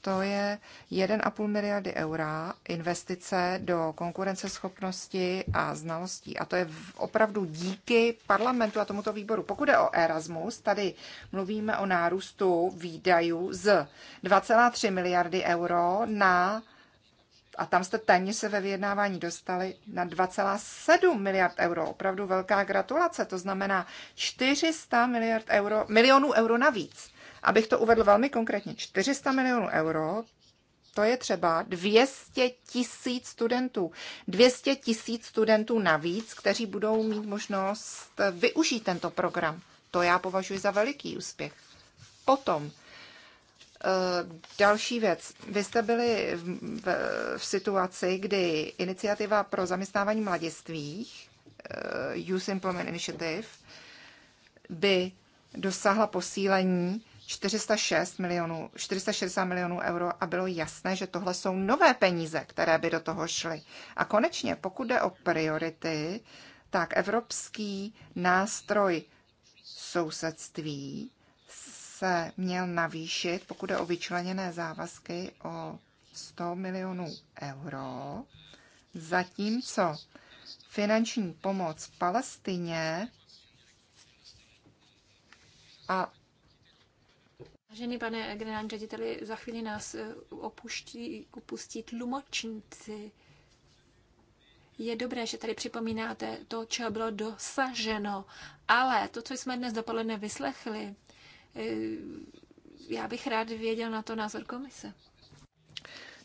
to je 1,5 miliardy eura investice do konkurenceschopnosti a znalostí. A to je opravdu díky parlamentu a tomuto výboru. Pokud je o Erasmus, tady mluvíme o nárůstu výdajů z 2,3 miliardy euro na a tam jste téměř se ve vyjednávání dostali na 2,7 miliard euro. Opravdu velká gratulace, to znamená 400 miliard euro, milionů euro navíc. Abych to uvedl velmi konkrétně, 400 milionů euro, to je třeba 200 tisíc studentů. 200 tisíc studentů navíc, kteří budou mít možnost využít tento program. To já považuji za veliký úspěch. Potom, eh, Další věc. Vy jste byli v, v, v situaci, kdy iniciativa pro zaměstnávání mladistvých, eh, Youth Employment Initiative, by dosáhla posílení 406 milionů, 460 milionů euro a bylo jasné, že tohle jsou nové peníze, které by do toho šly. A konečně, pokud jde o priority, tak evropský nástroj sousedství se měl navýšit, pokud jde o vyčleněné závazky, o 100 milionů euro, zatímco finanční pomoc Palestině a Vážený pane generální řediteli, za chvíli nás eh, opuští, opustí tlumočníci. Je dobré, že tady připomínáte to, čeho bylo dosaženo, ale to, co jsme dnes dopoledne vyslechli, eh, já bych rád věděl na to názor komise.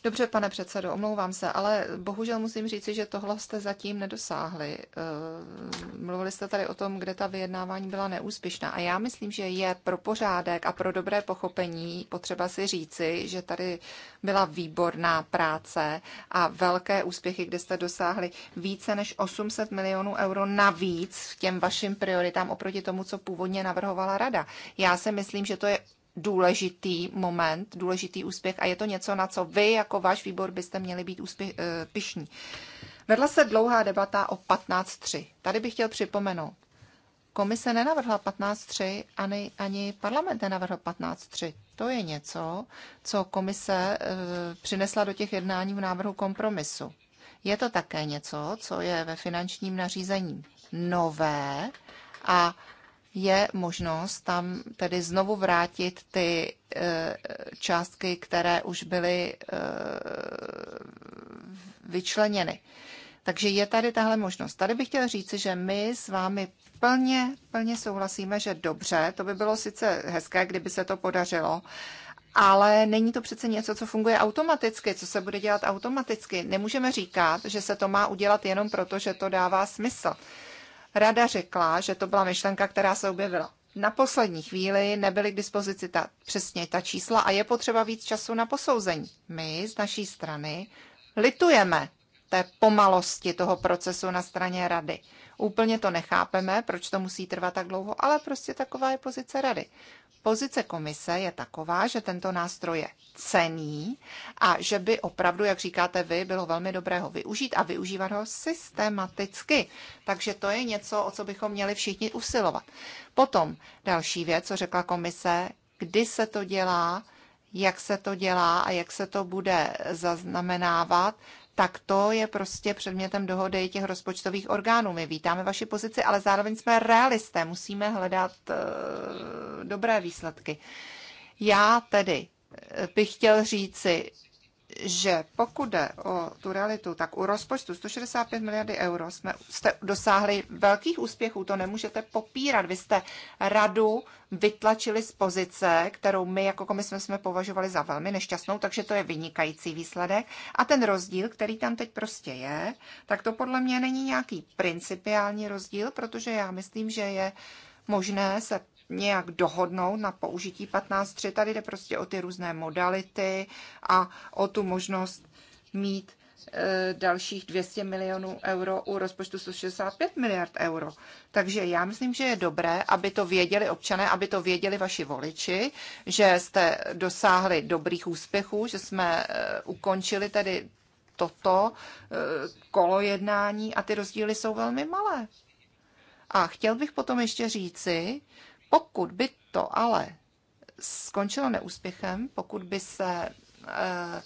Dobře, pane předsedo, omlouvám se, ale bohužel musím říci, že tohle jste zatím nedosáhli. Eh, mluvili jste tady o tom, kde ta vyjednávání byla neúspěšná. A já myslím, že je pro pořádek a pro dobré pochopení potřeba si říci, že tady byla výborná práce a velké úspěchy, kde jste dosáhli více než 800 milionů euro navíc v těm vašim prioritám oproti tomu, co původně navrhovala rada. Já si myslím, že to je důležitý moment, důležitý úspěch a je to něco, na co vy jako váš výbor byste měli být úspěch, eh, e, pyšní. Vedla se dlouhá debata o 15.3. Tady bych chtěl připomenout, komise nenavrhla 15.3, ani, ani parlament nenavrhl 15.3. To je něco, co komise e, přinesla do těch jednání v návrhu kompromisu. Je to také něco, co je ve finančním nařízení nové a je možnost tam tedy znovu vrátit ty eh, částky, které už byly eh, vyčleněny. Takže je tady tahle možnost. Tady bych chtěl říci, že my s vámi plně, plně souhlasíme, že dobře, to by bylo sice hezké, kdyby se to podařilo, ale není to přece něco, co funguje automaticky, co se bude dělat automaticky. Nemůžeme říkat, že se to má udělat jenom proto, že to dává smysl. Rada řekla, že to byla myšlenka, která se objevila na poslední chvíli nebyly k dispozici ta, přesně ta čísla a je potřeba víc času na posouzení. My z naší strany litujeme té pomalosti toho procesu na straně rady. Úplně to nechápeme, proč to musí trvat tak dlouho, ale prostě taková je pozice rady. Pozice komise je taková, že tento nástroj je cený a že by opravdu, jak říkáte vy, bylo velmi dobré ho využít a využívat ho systematicky. Takže to je něco, o co bychom měli všichni usilovat. Potom další věc, co řekla komise, kdy se to dělá, jak se to dělá a jak se to bude zaznamenávat tak to je prostě předmětem dohody těch rozpočtových orgánů. My vítáme vaši pozici, ale zároveň jsme realisté, musíme hledat eh, dobré výsledky. Já tedy eh, bych chtěl říci, že pokud jde o tu realitu, tak u rozpočtu 165 miliardy euro jsme, jste dosáhli velkých úspěchů, to nemůžete popírat. Vy jste radu vytlačili z pozice, kterou my jako komise jsme považovali za velmi nešťastnou, takže to je vynikající výsledek. A ten rozdíl, který tam teď prostě je, tak to podle mě není nějaký principiální rozdíl, protože já myslím, že je možné se nějak dohodnout na použití 15.3. Tady jde prostě o ty různé modality a o tu možnost mít e, dalších 200 milionů euro u rozpočtu 165 miliard euro. Takže já myslím, že je dobré, aby to věděli občané, aby to věděli vaši voliči, že jste dosáhli dobrých úspěchů, že jsme e, ukončili tedy toto e, kolo jednání a ty rozdíly jsou velmi malé. A chtěl bych potom ještě říci, pokud by to ale skončilo neúspěchem, pokud by se, eh,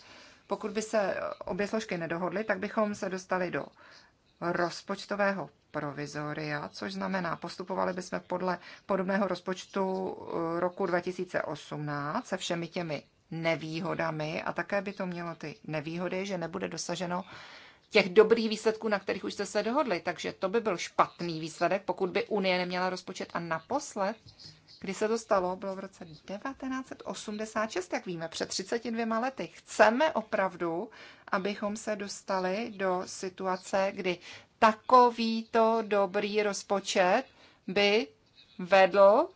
pokud by se obě složky nedohodly, tak bychom se dostali do rozpočtového provizoria, což znamená, postupovali bychom podle podobného rozpočtu eh, roku 2018 se všemi těmi nevýhodami a také by to mělo ty nevýhody, že nebude dosaženo těch dobrých výsledků, na kterých už jste se dohodli. Takže to by byl špatný výsledek, pokud by Unie neměla rozpočet. A naposled, kdy se to stalo, bylo v roce 1986, jak víme, před 32 lety. Chceme opravdu, abychom se dostali do situace, kdy takovýto dobrý rozpočet by vedl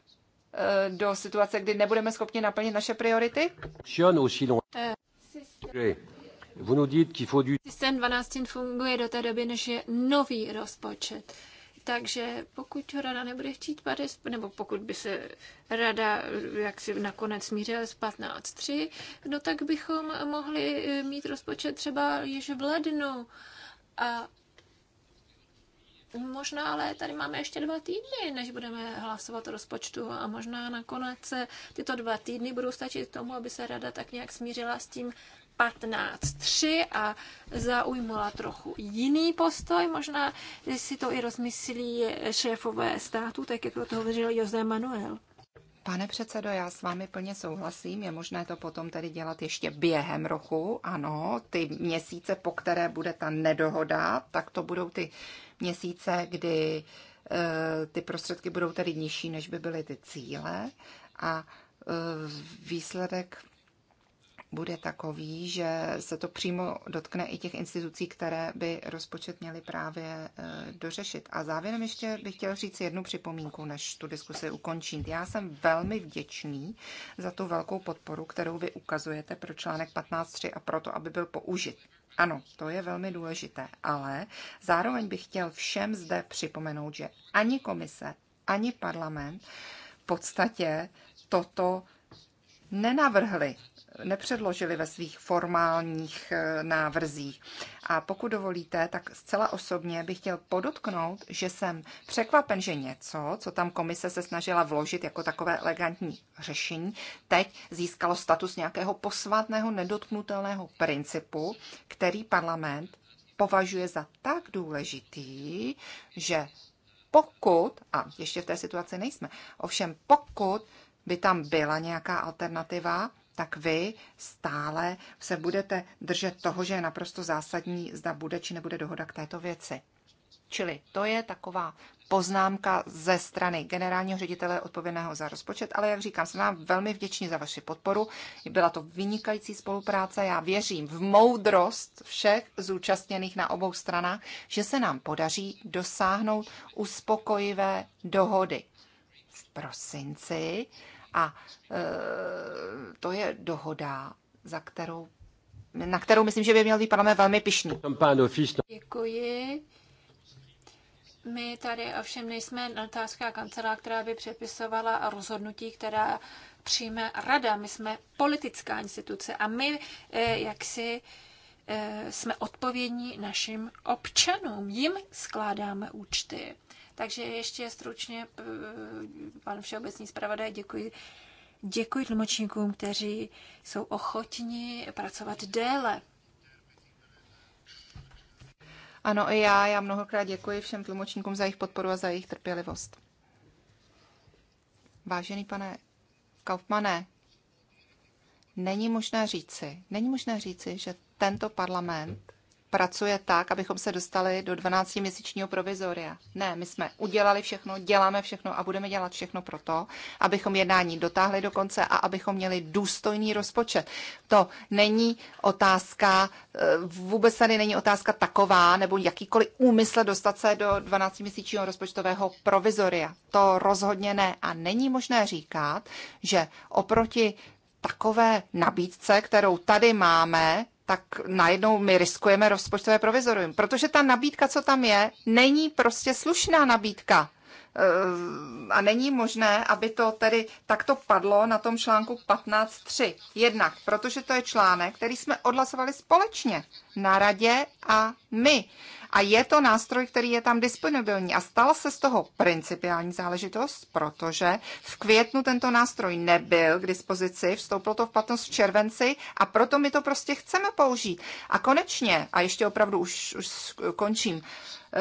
eh, do situace, kdy nebudeme schopni naplnit naše priority? Vous nous dites qu'il faut du... Systém 12 funguje do té doby, než je nový rozpočet. Takže pokud ho rada nebude chtít 50, nebo pokud by se rada jaksi nakonec smířila s 15.3, no tak bychom mohli mít rozpočet třeba již v lednu. A Možná ale tady máme ještě dva týdny, než budeme hlasovat o rozpočtu a možná nakonec tyto dva týdny budou stačit k tomu, aby se rada tak nějak smířila s tím 15.3 a zaujmula trochu jiný postoj. Možná si to i rozmyslí šéfové státu, tak jak to hovořil Jose Manuel. Pane předsedo, já s vámi plně souhlasím. Je možné to potom tedy dělat ještě během roku. Ano, ty měsíce, po které bude ta nedohoda, tak to budou ty měsíce, kdy eh, ty prostředky budou tady nižší, než by byly ty cíle a eh, výsledek bude takový, že se to přímo dotkne i těch institucí, které by rozpočet měly právě e, dořešit. A závěrem ještě bych chtěl říct jednu připomínku, než tu diskusi ukončím. Já jsem velmi vděčný za tu velkou podporu, kterou vy ukazujete pro článek 15.3 a proto, aby byl použit. Ano, to je velmi důležité, ale zároveň bych chtěl všem zde připomenout, že ani komise, ani parlament v podstatě toto nenavrhli nepředložili ve svých formálních eh, návrzích. A pokud dovolíte, tak zcela osobně bych chtěl podotknout, že jsem překvapen, že něco, co tam komise se snažila vložit jako takové elegantní řešení, teď získalo status nějakého posvátného nedotknutelného principu, který parlament považuje za tak důležitý, že pokud, a ještě v té situaci nejsme, ovšem pokud by tam byla nějaká alternativa, tak vy stále se budete držet toho, že je naprosto zásadní, zda bude či nebude dohoda k této věci. Čili to je taková poznámka ze strany generálního ředitele odpovědného za rozpočet, ale jak říkám, jsem vám velmi vděčný za vaši podporu. Byla to vynikající spolupráce, já věřím v moudrost všech zúčastněných na obou stranách, že se nám podaří dosáhnout uspokojivé dohody v prosinci a e, to je dohoda, za kterou, na kterou myslím, že by měl být parlament velmi pišný. Děkuji. My tady ovšem nejsme notářská kancelář, která by přepisovala rozhodnutí, která přijme rada. My jsme politická instituce a my e, jaksi e, jsme odpovědní našim občanům. Jim skládáme účty. Takže ještě stručně, eh, pan všeobecný zpravodaj, děkuji. Děkuji tlumočníkům, kteří jsou ochotní pracovat déle. Ano, i já. Já mnohokrát děkuji všem tlumočníkům za jejich podporu a za jejich trpělivost. Vážený pane Kaufmane, není možné říci, není možné říci, že tento parlament pracuje tak, abychom se dostali do 12-měsíčního provizoria. Ne, my jsme udělali všechno, děláme všechno a budeme dělat všechno pro to, abychom jednání dotáhli do konce a abychom měli důstojný rozpočet. To není otázka, eh, vůbec tady není otázka taková, nebo jakýkoliv úmysl dostat se do 12-měsíčního rozpočtového provizoria. To rozhodně ne. A není možné říkat, že oproti takové nabídce, kterou tady máme, tak najednou my riskujeme rozpočtové provizorium. Protože ta nabídka, co tam je, není prostě slušná nabídka. Eh, a není možné, aby to tedy takto padlo na tom článku 15.3. Jednak, protože to je článek, který jsme odhlasovali společně na radě a my. A je to nástroj, který je tam disponibilní. A stal se z toho principiální záležitost, protože v květnu tento nástroj nebyl k dispozici, vstoupilo to v platnost v červenci a proto my to prostě chceme použít. A konečně, a ještě opravdu už, už končím, eh,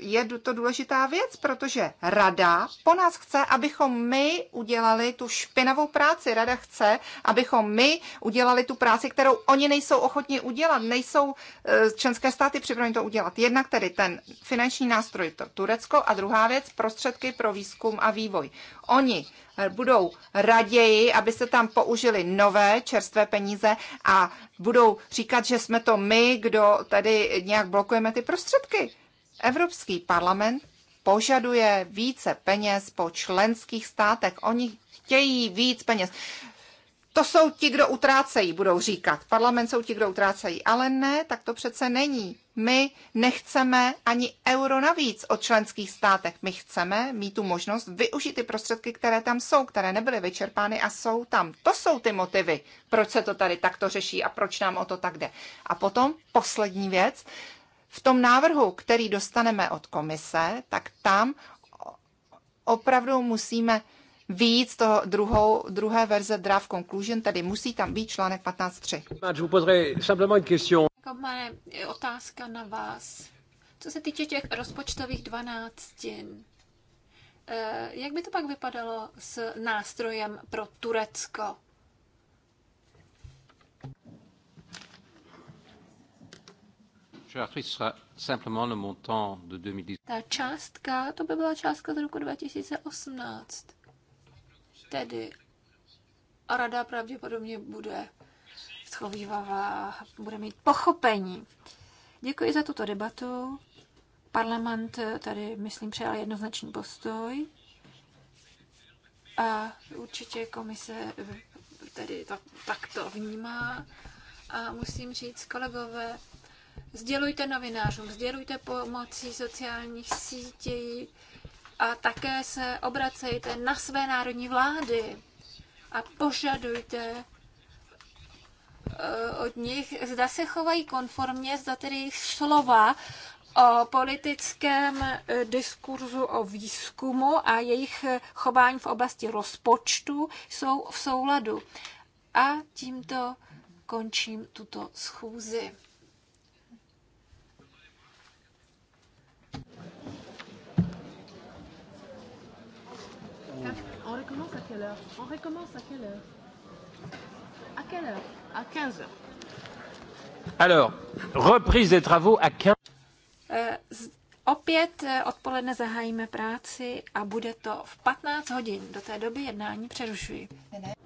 je to důležitá věc, protože rada po nás chce, abychom my udělali tu špinavou práci. Rada chce, abychom my udělali tu práci, kterou oni nejsou ochotni udělat. Nejsou eh, členské státy připraveni to udělat. Jednak tedy ten finanční nástroj to Turecko a druhá věc prostředky pro výzkum a vývoj. Oni eh, budou raději, aby se tam použili nové čerstvé peníze a budou říkat, že jsme to my, kdo tady nějak blokujeme ty prostředky. Evropský parlament požaduje více peněz po členských státech. Oni chtějí víc peněz to jsou ti, kdo utrácejí, budou říkat. Parlament jsou ti, kdo utrácejí. Ale ne, tak to přece není. My nechceme ani euro navíc od členských státech. My chceme mít tu možnost využít ty prostředky, které tam jsou, které nebyly vyčerpány a jsou tam. To jsou ty motivy, proč se to tady takto řeší a proč nám o to tak jde. A potom poslední věc. V tom návrhu, který dostaneme od komise, tak tam opravdu musíme víc toho druhou, druhé verze draft conclusion, tedy musí tam být článek 15.3. otázka na vás. Co se týče těch rozpočtových dvanáctin, eh, jak by to pak vypadalo s nástrojem pro Turecko? Ta částka, to by byla částka z roku 2018. Tedy rada pravděpodobně bude schovývavá, bude mít pochopení. Děkuji za tuto debatu. Parlament tady, myslím, přijal jednoznačný postoj. A určitě komise tedy tak, tak to vnímá. A musím říct, kolegové, sdělujte novinářům, sdělujte pomocí sociálních sítí, a také se obracejte na své národní vlády a požadujte eh, od nich, zda se chovají konformně, zda tedy jejich slova o politickém eh, diskurzu o výzkumu a jejich chování v oblasti rozpočtu jsou v souladu. A tímto končím tuto schůzi. On recommence à quelle heure On recommence à quelle heure À quelle heure À 15 heures. Alors, reprise des travaux à 15 eh, Opět eh, odpoledne zahájíme práci a bude to v 15 hodin. Do té doby jednání přerušuji. Ne, ne.